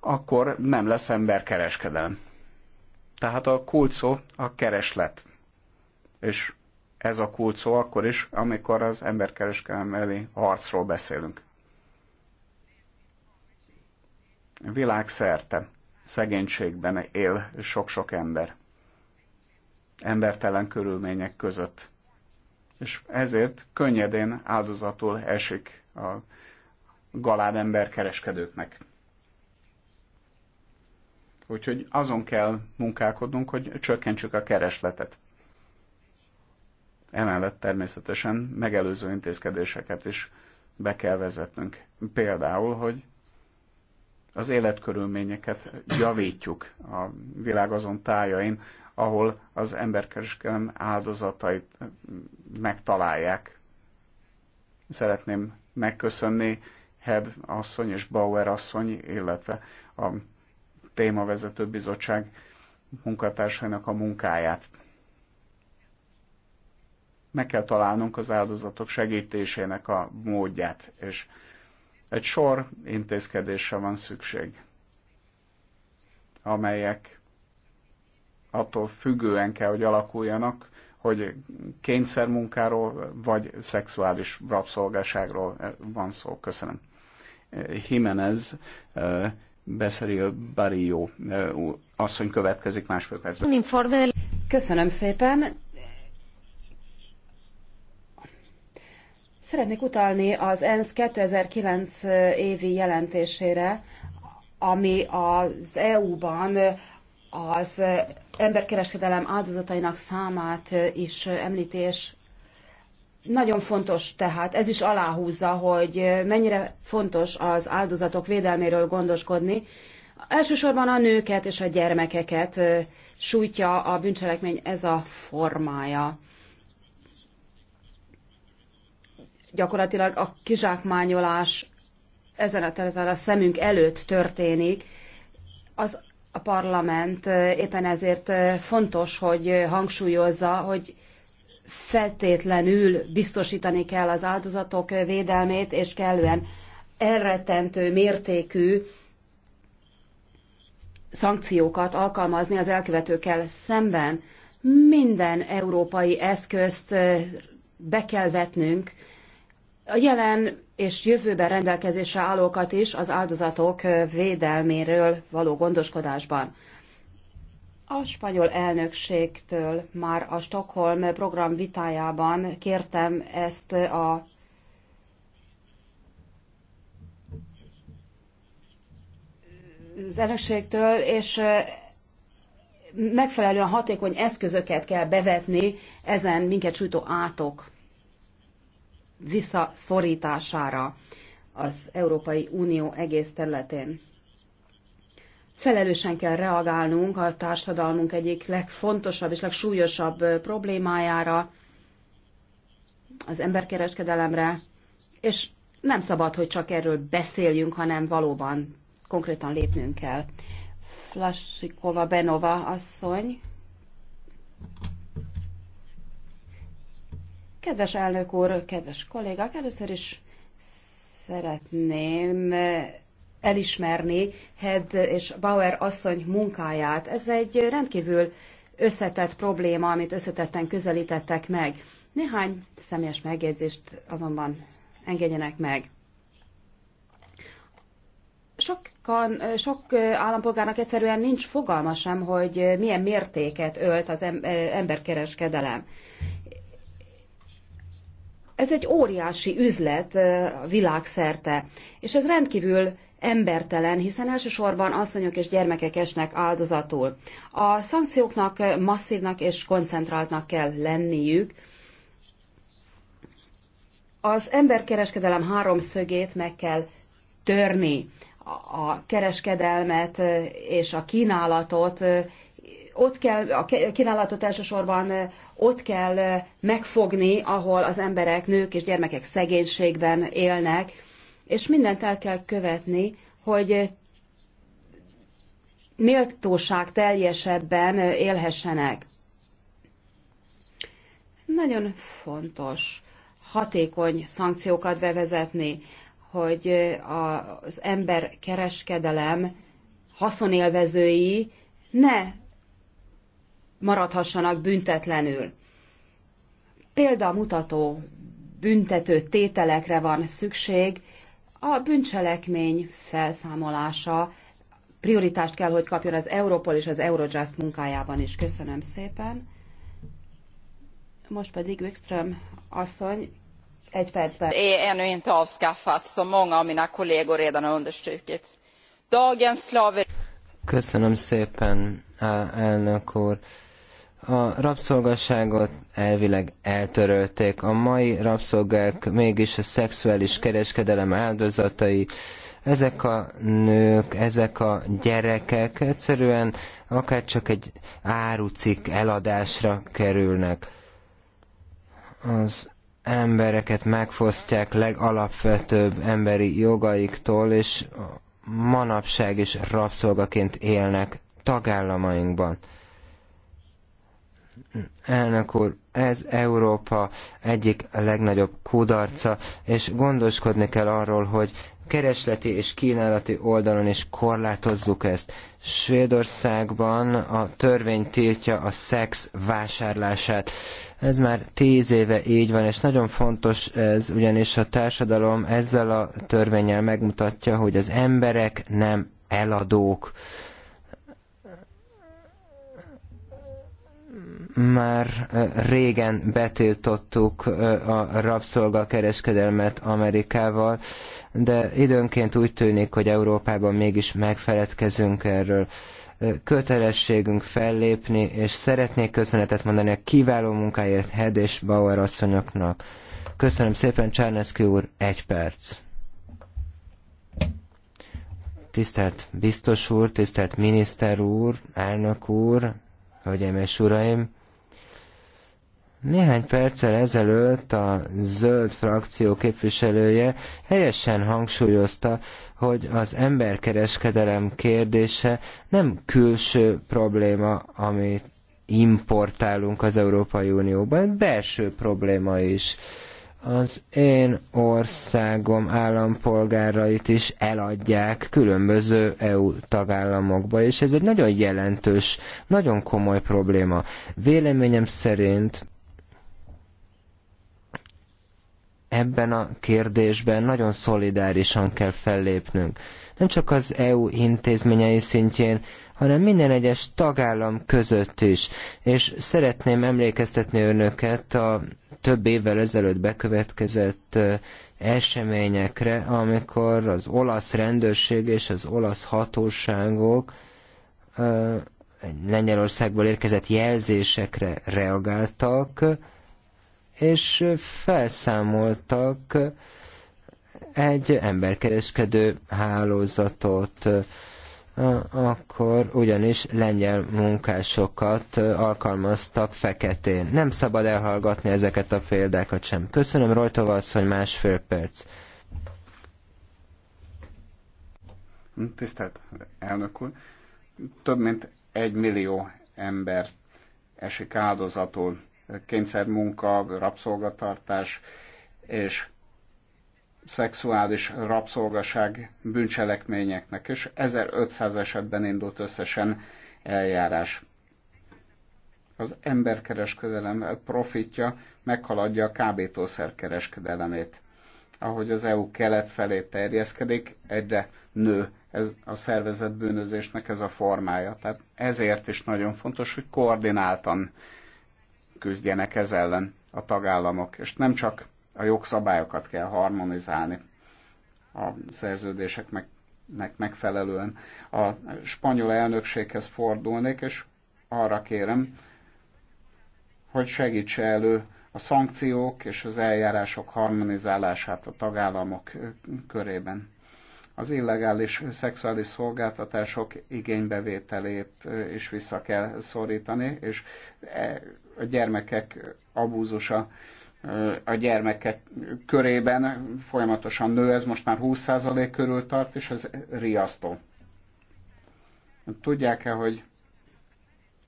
akkor nem lesz emberkereskedelem. Tehát a kulcs szó a kereslet. És ez a kulcs szó akkor is, amikor az emberkereskedelem elé harcról beszélünk. Világszerte szegénységben él sok-sok ember. Embertelen körülmények között. És ezért könnyedén áldozatul esik a galád emberkereskedőknek. Úgyhogy azon kell munkálkodnunk, hogy csökkentsük a keresletet. Emellett természetesen megelőző intézkedéseket is be kell vezetnünk. Például, hogy az életkörülményeket javítjuk a világ azon tájain, ahol az emberkereskedelem áldozatait megtalálják. Szeretném megköszönni Head asszony és Bauer asszony, illetve a témavezető bizottság munkatársainak a munkáját. Meg kell találnunk az áldozatok segítésének a módját, és egy sor intézkedésre van szükség, amelyek attól függően kell, hogy alakuljanak, hogy kényszermunkáról vagy szexuális rabszolgáságról eh, van szó. Köszönöm. Eh, Jimenez eh, Beszeril Barrio asszony következik másfél percben. Köszönöm szépen. Szeretnék utalni az ENSZ 2009 évi jelentésére, ami az EU-ban az emberkereskedelem áldozatainak számát is említés. Nagyon fontos tehát, ez is aláhúzza, hogy mennyire fontos az áldozatok védelméről gondoskodni. Elsősorban a nőket és a gyermekeket sújtja a bűncselekmény ez a formája. gyakorlatilag a kizsákmányolás ezen a területen a szemünk előtt történik, az a parlament éppen ezért fontos, hogy hangsúlyozza, hogy feltétlenül biztosítani kell az áldozatok védelmét, és kellően elrettentő mértékű szankciókat alkalmazni az elkövetőkkel szemben. Minden európai eszközt be kell vetnünk, a jelen és jövőben rendelkezésre állókat is az áldozatok védelméről való gondoskodásban. A spanyol elnökségtől már a Stockholm program vitájában kértem ezt a az elnökségtől, és megfelelően hatékony eszközöket kell bevetni ezen minket sújtó átok visszaszorítására az Európai Unió egész területén. Felelősen kell reagálnunk a társadalmunk egyik legfontosabb és legsúlyosabb problémájára, az emberkereskedelemre, és nem szabad, hogy csak erről beszéljünk, hanem valóban konkrétan lépnünk kell. Flasikova Benova asszony. Kedves elnök úr, kedves kollégák, először is szeretném elismerni Head és Bauer asszony munkáját. Ez egy rendkívül összetett probléma, amit összetetten közelítettek meg. Néhány személyes megjegyzést azonban engedjenek meg. Sokan, sok állampolgárnak egyszerűen nincs fogalma sem, hogy milyen mértéket ölt az emberkereskedelem. Ez egy óriási üzlet világszerte, és ez rendkívül embertelen, hiszen elsősorban asszonyok és gyermekek esnek áldozatul. A szankcióknak masszívnak és koncentráltnak kell lenniük. Az emberkereskedelem háromszögét meg kell törni. A kereskedelmet és a kínálatot ott kell, a kínálatot elsősorban ott kell megfogni, ahol az emberek, nők és gyermekek szegénységben élnek, és mindent el kell követni, hogy méltóság teljesebben élhessenek. Nagyon fontos hatékony szankciókat bevezetni, hogy az ember kereskedelem haszonélvezői ne maradhassanak büntetlenül. Példamutató büntető tételekre van szükség, a bűncselekmény felszámolása prioritást kell, hogy kapjon az Europol és az Eurojust munkájában is. Köszönöm szépen. Most pedig Wikström asszony egy percben. Är ännu inte avskaffat, som många av mina redan har understrukit. Dagens slaver... Köszönöm szépen, elnök úr. A rabszolgaságot elvileg eltörölték. A mai rabszolgák mégis a szexuális kereskedelem áldozatai. Ezek a nők, ezek a gyerekek egyszerűen akár csak egy árucik eladásra kerülnek. Az embereket megfosztják legalapvetőbb emberi jogaiktól, és manapság is rabszolgaként élnek tagállamainkban. Elnök úr, ez Európa egyik legnagyobb kudarca, és gondoskodni kell arról, hogy keresleti és kínálati oldalon is korlátozzuk ezt. Svédországban a törvény tiltja a szex vásárlását. Ez már tíz éve így van, és nagyon fontos ez, ugyanis a társadalom ezzel a törvényel megmutatja, hogy az emberek nem eladók. már régen betiltottuk a rabszolgakereskedelmet Amerikával, de időnként úgy tűnik, hogy Európában mégis megfeledkezünk erről. Kötelességünk fellépni, és szeretnék köszönetet mondani a kiváló munkáért Hed és Bauer asszonyoknak. Köszönöm szépen, Csárneszki úr, egy perc. Tisztelt biztos úr, tisztelt miniszter úr, elnök úr, hölgyeim és uraim! Néhány perccel ezelőtt a zöld frakció képviselője helyesen hangsúlyozta, hogy az emberkereskedelem kérdése nem külső probléma, amit importálunk az Európai Unióban, belső probléma is. Az én országom állampolgárait is eladják különböző EU tagállamokba, és ez egy nagyon jelentős, nagyon komoly probléma. Véleményem szerint ebben a kérdésben nagyon szolidárisan kell fellépnünk. Nem csak az EU intézményei szintjén, hanem minden egyes tagállam között is. És szeretném emlékeztetni önöket a több évvel ezelőtt bekövetkezett eseményekre, amikor az olasz rendőrség és az olasz hatóságok Lengyelországból érkezett jelzésekre reagáltak, és felszámoltak egy emberkereskedő hálózatot, akkor ugyanis lengyel munkásokat alkalmaztak feketén. Nem szabad elhallgatni ezeket a példákat sem. Köszönöm Rojtova hogy másfél perc. Tisztelt elnök úr! Több mint egy millió ember esik áldozatul kényszermunka, rabszolgatartás és szexuális rabszolgaság bűncselekményeknek, és 1500 esetben indult összesen eljárás. Az emberkereskedelem profitja meghaladja a kábítószer kereskedelemét. Ahogy az EU kelet felé terjeszkedik, egyre nő ez a szervezet bűnözésnek ez a formája. Tehát ezért is nagyon fontos, hogy koordináltan küzdjenek ez ellen a tagállamok, és nem csak a jogszabályokat kell harmonizálni a szerződéseknek megfelelően. A spanyol elnökséghez fordulnék, és arra kérem, hogy segítse elő a szankciók és az eljárások harmonizálását a tagállamok körében. Az illegális szexuális szolgáltatások igénybevételét is vissza kell szorítani, és e a gyermekek abúzusa a gyermekek körében folyamatosan nő, ez most már 20% körül tart, és ez riasztó. Tudják-e, hogy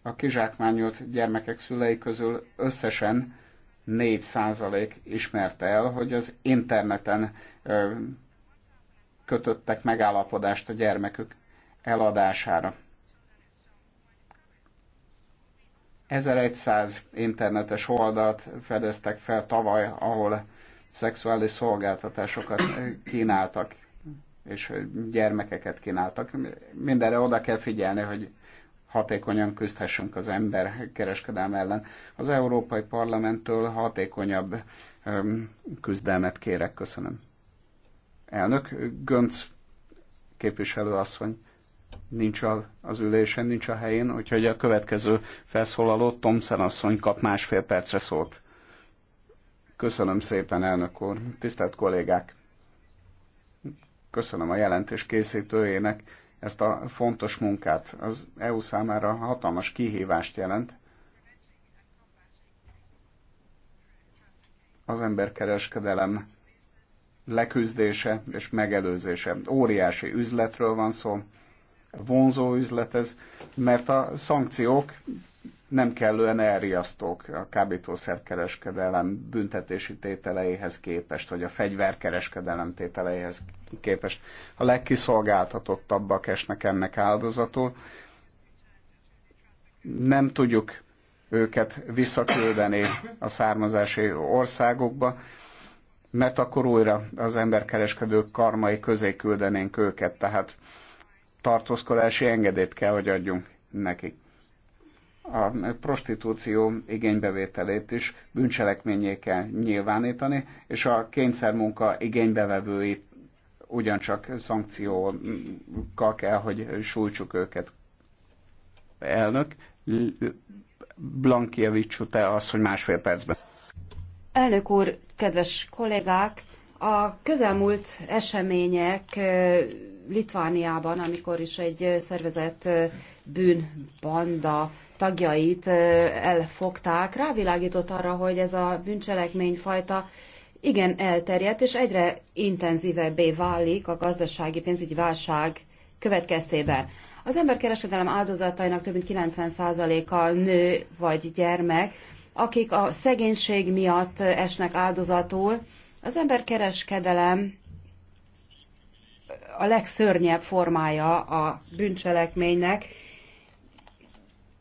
a kizsákmányolt gyermekek szülei közül összesen 4% ismerte el, hogy az interneten kötöttek megállapodást a gyermekük eladására. 1100 internetes oldalt fedeztek fel tavaly, ahol szexuális szolgáltatásokat kínáltak, és gyermekeket kínáltak. Mindenre oda kell figyelni, hogy hatékonyan küzdhessünk az ember kereskedelm ellen. Az Európai Parlamenttől hatékonyabb küzdelmet kérek. Köszönöm. Elnök Gönc képviselő asszony nincs az ülésen, nincs a helyén, úgyhogy a következő felszólaló Tomszen asszony kap másfél percre szót. Köszönöm szépen, elnök úr. Tisztelt kollégák! Köszönöm a jelentés készítőjének ezt a fontos munkát. Az EU számára hatalmas kihívást jelent. Az emberkereskedelem leküzdése és megelőzése. Óriási üzletről van szó, vonzó üzlet ez, mert a szankciók nem kellően elriasztók a kábítószerkereskedelem büntetési tételeihez képest, vagy a fegyverkereskedelem tételeihez képest. A legkiszolgáltatottabbak esnek ennek áldozatul. Nem tudjuk őket visszaküldeni a származási országokba, mert akkor újra az emberkereskedők karmai közé küldenénk őket. Tehát tartózkodási engedélyt kell, hogy adjunk neki. A prostitúció igénybevételét is bűncselekményé kell nyilvánítani, és a kényszermunka igénybevevőit ugyancsak szankciókkal kell, hogy sújtsuk őket. Elnök, Blankievics te az, hogy másfél percben. Elnök úr, kedves kollégák, a közelmúlt események Litvániában, amikor is egy szervezett bűnbanda tagjait elfogták, rávilágított arra, hogy ez a bűncselekményfajta igen elterjedt, és egyre intenzívebbé válik a gazdasági pénzügyi válság következtében. Az emberkereskedelem áldozatainak több mint 90%-a nő vagy gyermek, akik a szegénység miatt esnek áldozatul, az emberkereskedelem a legszörnyebb formája a bűncselekménynek,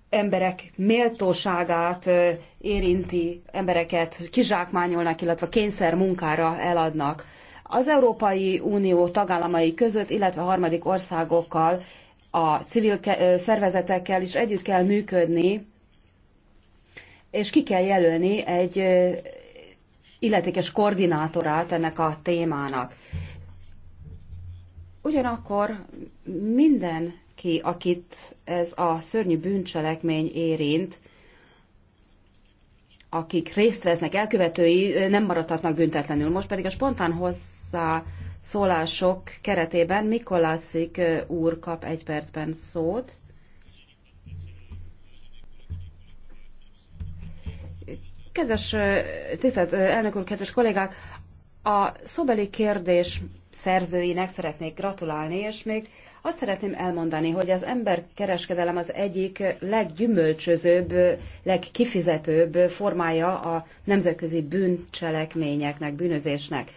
emberek méltóságát érinti, embereket kizsákmányolnak, illetve kényszer munkára eladnak. Az Európai Unió tagállamai között, illetve harmadik országokkal, a civil szervezetekkel is együtt kell működni, és ki kell jelölni egy illetékes koordinátorát ennek a témának. Ugyanakkor mindenki, akit ez a szörnyű bűncselekmény érint, akik részt vesznek, elkövetői nem maradhatnak büntetlenül. Most pedig a spontán hozzá szólások keretében Mikolászik úr kap egy percben szót. Kedves, tisztelt elnök úr, kedves kollégák, a szóbeli kérdés szerzőinek szeretnék gratulálni, és még azt szeretném elmondani, hogy az emberkereskedelem az egyik leggyümölcsözőbb, legkifizetőbb formája a nemzetközi bűncselekményeknek, bűnözésnek.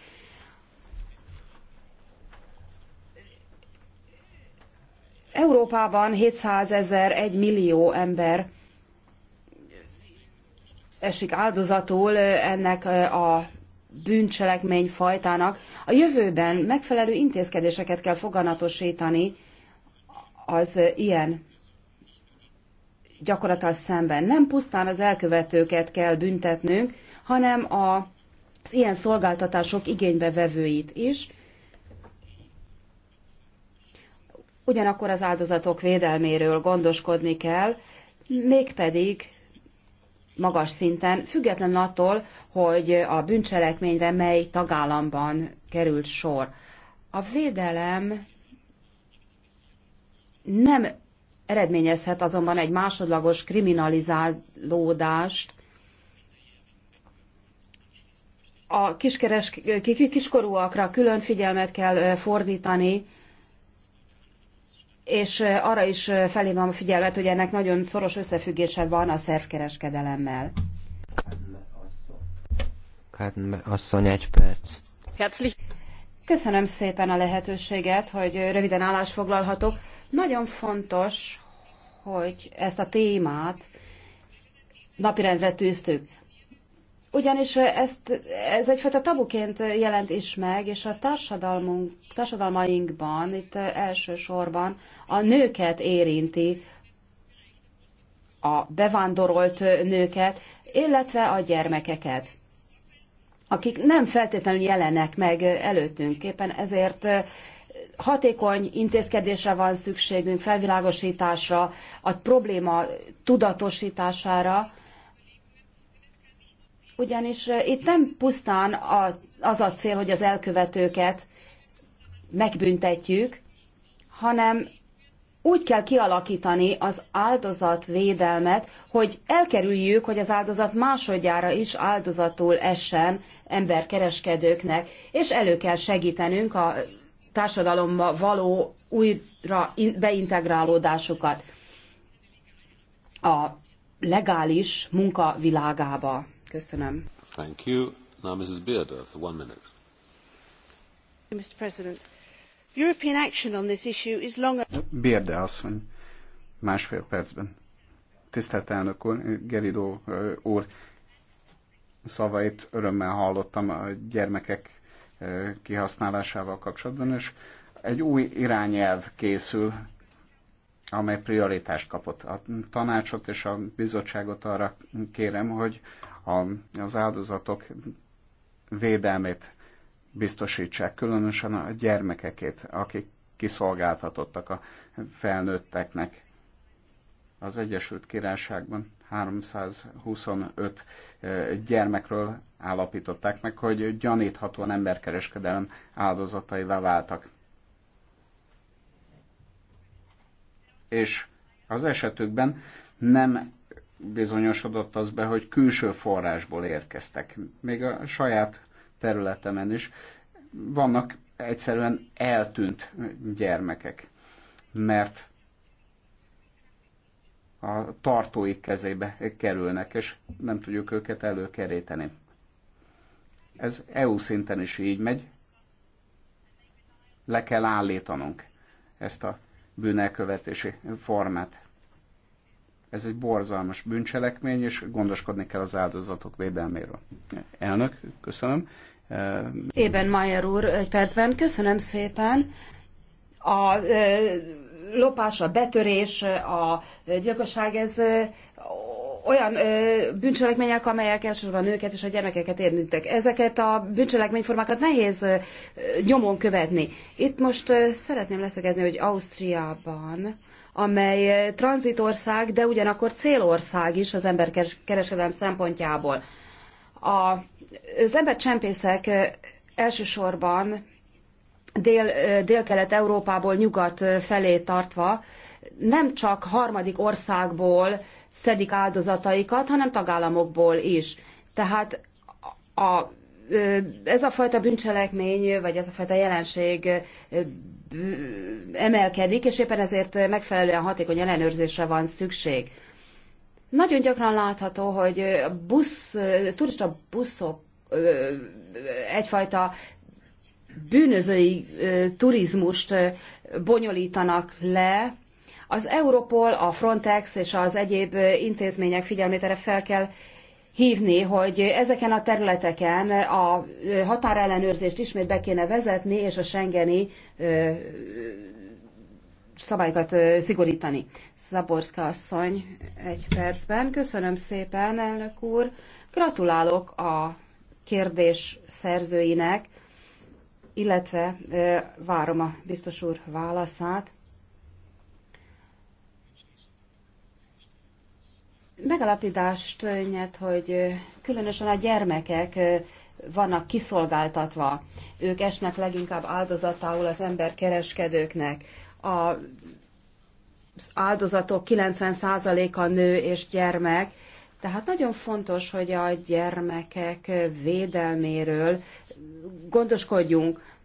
Európában 700 ezer, 1 millió ember esik áldozatul ennek a bűncselekmény fajtának, a jövőben megfelelő intézkedéseket kell foganatosítani az ilyen gyakorlattal szemben. Nem pusztán az elkövetőket kell büntetnünk, hanem a, az ilyen szolgáltatások igénybevevőit is, ugyanakkor az áldozatok védelméről gondoskodni kell, mégpedig magas szinten, független attól, hogy a bűncselekményre mely tagállamban került sor. A védelem nem eredményezhet azonban egy másodlagos kriminalizálódást, a kiskeres, kiskorúakra külön figyelmet kell fordítani, és arra is felhívom a figyelmet, hogy ennek nagyon szoros összefüggése van a szervkereskedelemmel. Asszony, egy perc. Köszönöm szépen a lehetőséget, hogy röviden állásfoglalhatok. Nagyon fontos, hogy ezt a témát napirendre tűztük ugyanis ezt, ez egyfajta tabuként jelent is meg, és a társadalmunk, társadalmainkban, itt elsősorban a nőket érinti, a bevándorolt nőket, illetve a gyermekeket, akik nem feltétlenül jelenek meg előttünk. Éppen ezért hatékony intézkedésre van szükségünk, felvilágosításra, a probléma tudatosítására, ugyanis itt nem pusztán a, az a cél, hogy az elkövetőket megbüntetjük, hanem úgy kell kialakítani az áldozat védelmet, hogy elkerüljük, hogy az áldozat másodjára is áldozatul essen emberkereskedőknek, és elő kell segítenünk a társadalomba való újra beintegrálódásukat a legális munka világába. Köszönöm. Thank you. Now Mrs. Bearder for one minute. Mr. President, European action on this issue is long... Bearder asszony, másfél percben. Tisztelt elnök úr, Geridó úr, szavait örömmel hallottam a gyermekek kihasználásával kapcsolatban, és egy új irányelv készül, amely prioritást kapott. A tanácsot és a bizottságot arra kérem, hogy a, az áldozatok védelmét biztosítsák, különösen a gyermekekét, akik kiszolgáltatottak a felnőtteknek. Az Egyesült Királyságban 325 gyermekről állapították meg, hogy gyaníthatóan emberkereskedelem áldozataivá váltak. És az esetükben nem bizonyosodott az be, hogy külső forrásból érkeztek. Még a saját területemen is vannak egyszerűen eltűnt gyermekek, mert a tartóik kezébe kerülnek, és nem tudjuk őket előkeríteni. Ez EU szinten is így megy. Le kell állítanunk ezt a bűnelkövetési formát. Ez egy borzalmas bűncselekmény, és gondoskodni kell az áldozatok védelméről. Elnök, köszönöm. Eh, Ében Mayer úr, egy percben. Köszönöm szépen. A eh, lopás, a betörés, a gyilkosság, ez eh, olyan bűncselekmények, amelyek elsősorban nőket és a gyermekeket érintek. Ezeket a bűncselekményformákat nehéz nyomon követni. Itt most szeretném leszögezni, hogy Ausztriában amely eh, tranzitország, de ugyanakkor célország is az emberkereskedelem szempontjából. A, az embercsempészek eh, elsősorban dél, eh, dél-kelet-európából nyugat felé tartva nem csak harmadik országból szedik áldozataikat, hanem tagállamokból is. Tehát a, ez a fajta bűncselekmény, vagy ez a fajta jelenség emelkedik, és éppen ezért megfelelően hatékony ellenőrzésre van szükség. Nagyon gyakran látható, hogy busz, turista buszok egyfajta bűnözői turizmust bonyolítanak le. Az Europol, a Frontex és az egyéb intézmények figyelmét erre fel kell hívni, hogy ezeken a területeken a határellenőrzést ismét be kéne vezetni, és a Schengeni szabályokat szigorítani. Szaborszka asszony egy percben. Köszönöm szépen, elnök úr. Gratulálok a kérdés szerzőinek, illetve várom a biztos úr válaszát. Megalapítást nyert, hogy különösen a gyermekek vannak kiszolgáltatva. Ők esnek leginkább áldozatául az emberkereskedőknek a az áldozatok 90%-a nő és gyermek, tehát nagyon fontos, hogy a gyermekek védelméről gondoskodjunk.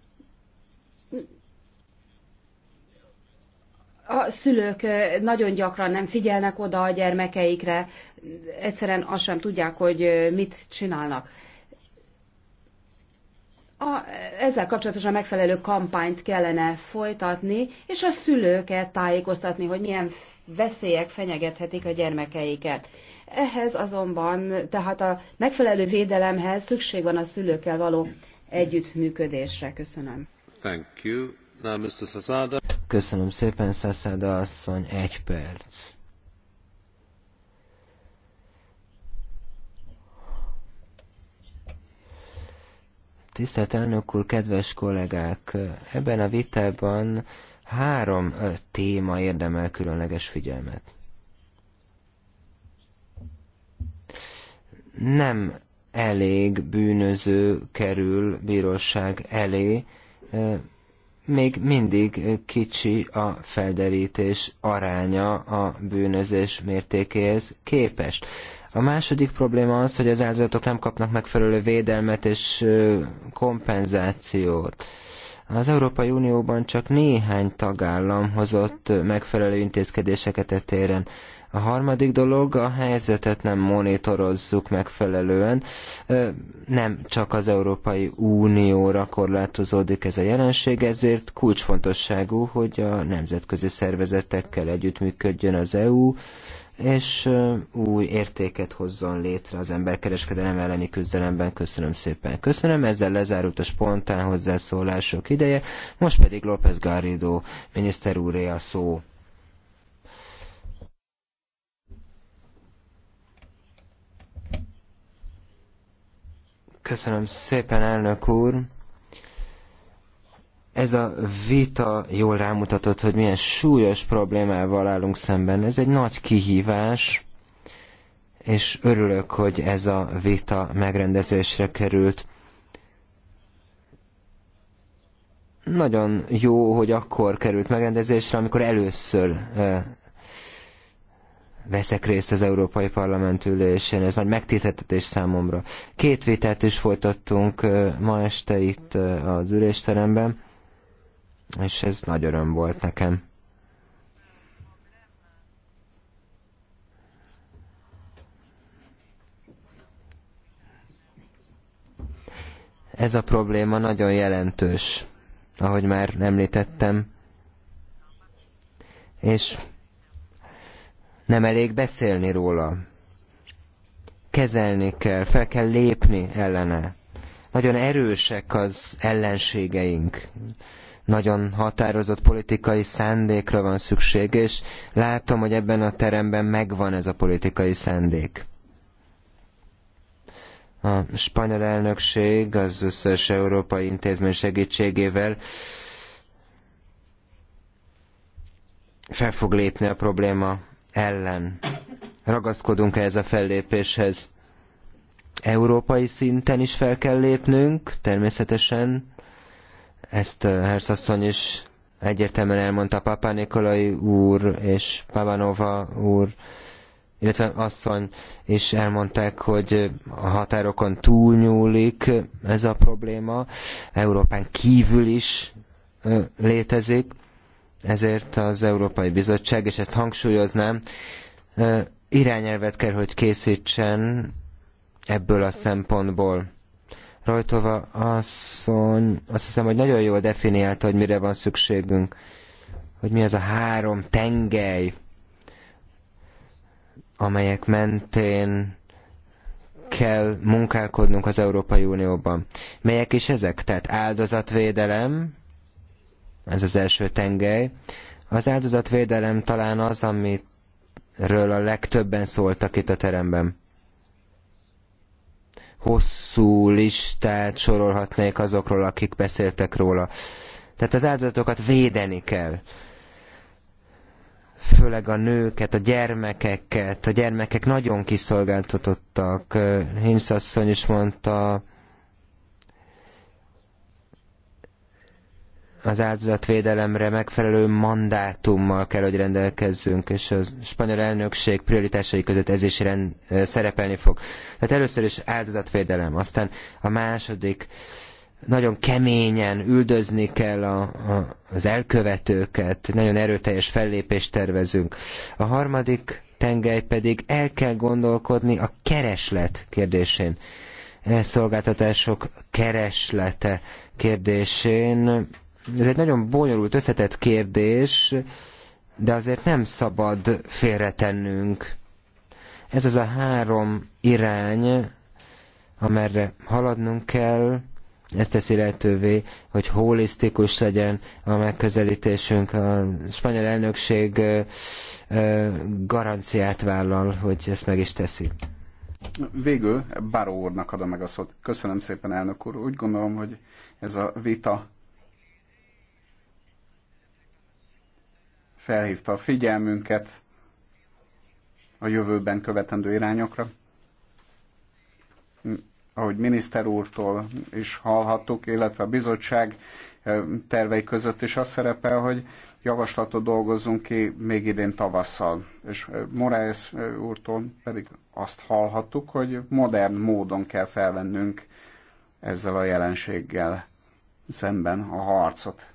A szülők nagyon gyakran nem figyelnek oda a gyermekeikre, egyszerűen azt sem tudják, hogy mit csinálnak a, ezzel kapcsolatosan megfelelő kampányt kellene folytatni, és a szülőket tájékoztatni, hogy milyen veszélyek fenyegethetik a gyermekeiket. Ehhez azonban, tehát a megfelelő védelemhez szükség van a szülőkkel való együttműködésre. Köszönöm. Thank you. Now, Mr. Köszönöm szépen, Sasada asszony, egy perc. Tisztelt elnök úr, kedves kollégák! Ebben a vitában három téma érdemel különleges figyelmet. Nem elég bűnöző kerül bíróság elé, még mindig kicsi a felderítés aránya a bűnözés mértékéhez képest. A második probléma az, hogy az áldozatok nem kapnak megfelelő védelmet és kompenzációt. Az Európai Unióban csak néhány tagállam hozott megfelelő intézkedéseket etéren. A harmadik dolog, a helyzetet nem monitorozzuk megfelelően. Nem csak az Európai Unióra korlátozódik ez a jelenség, ezért kulcsfontosságú, hogy a nemzetközi szervezetekkel együttműködjön az EU, és új értéket hozzon létre az emberkereskedelem elleni küzdelemben. Köszönöm szépen. Köszönöm, ezzel lezárult a spontán hozzászólások ideje, most pedig López Garrido miniszter úré a szó. Köszönöm szépen, elnök úr! ez a vita jól rámutatott, hogy milyen súlyos problémával állunk szemben. Ez egy nagy kihívás, és örülök, hogy ez a vita megrendezésre került. Nagyon jó, hogy akkor került megrendezésre, amikor először veszek részt az Európai Parlament ülésén. Ez nagy megtiszteltetés számomra. Két vitát is folytattunk ma este itt az ülésteremben és ez nagy öröm volt nekem. Ez a probléma nagyon jelentős, ahogy már említettem, és nem elég beszélni róla. Kezelni kell, fel kell lépni ellene. Nagyon erősek az ellenségeink nagyon határozott politikai szándékra van szükség, és látom, hogy ebben a teremben megvan ez a politikai szándék. A spanyol elnökség az összes európai intézmény segítségével fel fog lépni a probléma ellen. Ragaszkodunk ehhez a fellépéshez. Európai szinten is fel kell lépnünk, természetesen, ezt eh, Herzasszony is egyértelműen elmondta Papa Nikolai úr és Pavanova úr, illetve asszony is elmondták, hogy a határokon túlnyúlik ez a probléma, Európán kívül is eh, létezik, ezért az Európai Bizottság, és ezt hangsúlyoznám, eh, irányelvet kell, hogy készítsen ebből a szempontból. Rajtova asszony azt hiszem, hogy nagyon jól definiálta, hogy mire van szükségünk, hogy mi az a három tengely, amelyek mentén kell munkálkodnunk az Európai Unióban. Melyek is ezek? Tehát áldozatvédelem, ez az első tengely. Az áldozatvédelem talán az, amiről a legtöbben szóltak itt a teremben hosszú listát sorolhatnék azokról, akik beszéltek róla. Tehát az áldozatokat védeni kell. Főleg a nőket, a gyermekeket. A gyermekek nagyon kiszolgáltatottak. Hinsz asszony is mondta, az áldozatvédelemre megfelelő mandátummal kell, hogy rendelkezzünk, és a spanyol elnökség prioritásai között ez is rend, szerepelni fog. Tehát először is áldozatvédelem, aztán a második nagyon keményen üldözni kell a, a, az elkövetőket, nagyon erőteljes fellépést tervezünk. A harmadik tengely pedig el kell gondolkodni a kereslet kérdésén. E szolgáltatások kereslete kérdésén ez egy nagyon bonyolult, összetett kérdés, de azért nem szabad félretennünk. Ez az a három irány, amerre haladnunk kell, Ez teszi lehetővé, hogy holisztikus legyen a megközelítésünk. A spanyol elnökség garanciát vállal, hogy ezt meg is teszi. Végül Báró úrnak adom meg a szót. Köszönöm szépen, elnök úr. Úgy gondolom, hogy ez a vita felhívta a figyelmünket a jövőben követendő irányokra. Ahogy miniszter úrtól is hallhattuk, illetve a bizottság eh, tervei között is az szerepel, hogy javaslatot dolgozzunk ki még idén tavasszal. És eh, Moraes eh, úrtól pedig azt hallhattuk, hogy modern módon kell felvennünk ezzel a jelenséggel szemben a harcot.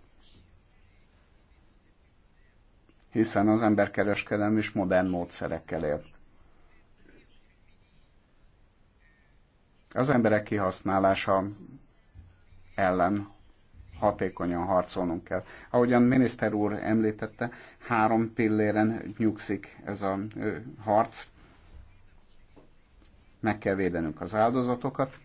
hiszen az emberkereskedelem is modern módszerekkel él. Az emberek kihasználása ellen hatékonyan harcolnunk kell. Ahogyan miniszter úr említette, három pilléren nyugszik ez a harc. Meg kell védenünk az áldozatokat.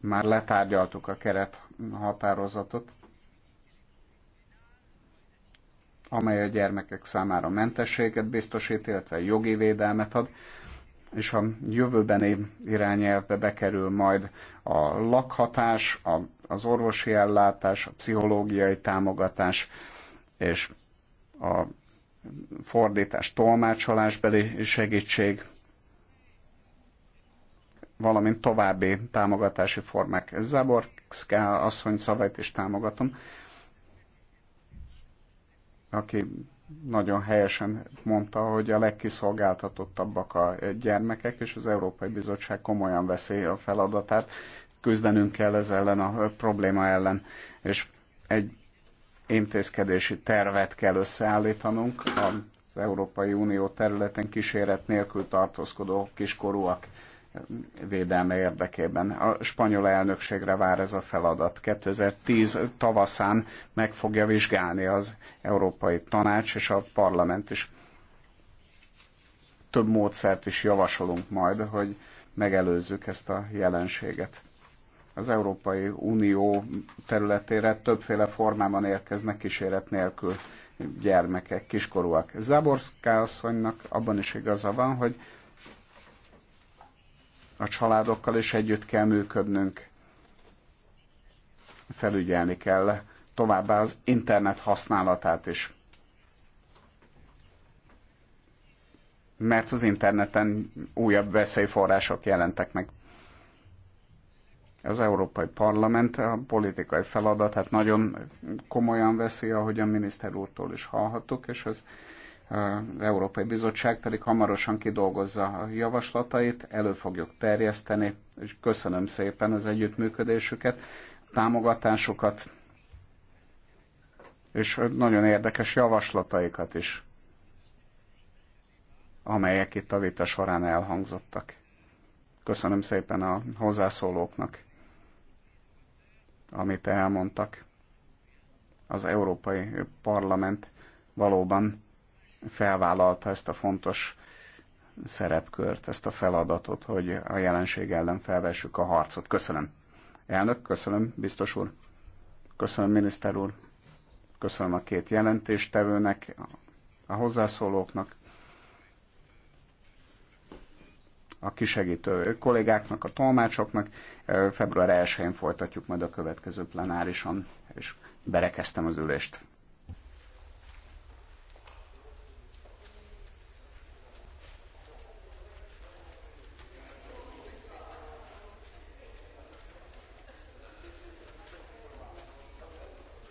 Már letárgyaltuk a keret határozatot amely a gyermekek számára mentességet biztosít, illetve jogi védelmet ad, és a jövőbeni irányelvbe bekerül majd a lakhatás, a, az orvosi ellátás, a pszichológiai támogatás és a fordítás, tolmácsolásbeli segítség, valamint további támogatási formák. Zaborszka asszony szavait is támogatom, aki nagyon helyesen mondta, hogy a legkiszolgáltatottabbak a gyermekek, és az Európai Bizottság komolyan veszi a feladatát, küzdenünk kell ez ellen a probléma ellen, és egy intézkedési tervet kell összeállítanunk az Európai Unió területen kíséret nélkül tartózkodó kiskorúak védelme érdekében. A spanyol elnökségre vár ez a feladat. 2010 tavaszán meg fogja vizsgálni az Európai Tanács és a Parlament is. Több módszert is javasolunk majd, hogy megelőzzük ezt a jelenséget. Az Európai Unió területére többféle formában érkeznek kíséret nélkül gyermekek, kiskorúak. Zaborszka asszonynak abban is igaza van, hogy a családokkal is együtt kell működnünk, felügyelni kell továbbá az internet használatát is. Mert az interneten újabb veszélyforrások jelentek meg. Az Európai Parlament a politikai feladatát nagyon komolyan veszi, ahogy a miniszter úrtól is hallhattuk, és az Európai Bizottság pedig hamarosan kidolgozza a javaslatait, elő fogjuk terjeszteni, és köszönöm szépen az együttműködésüket, támogatásukat, és nagyon érdekes javaslataikat is, amelyek itt a vita során elhangzottak. Köszönöm szépen a hozzászólóknak, amit elmondtak. Az Európai Parlament valóban felvállalta ezt a fontos szerepkört, ezt a feladatot, hogy a jelenség ellen felvessük a harcot. Köszönöm. Elnök, köszönöm, biztos úr. Köszönöm, miniszter úr. Köszönöm a két jelentéstevőnek, a hozzászólóknak, a kisegítő kollégáknak, a tolmácsoknak. Február 1-én folytatjuk majd a következő plenárison, és berekeztem az ülést.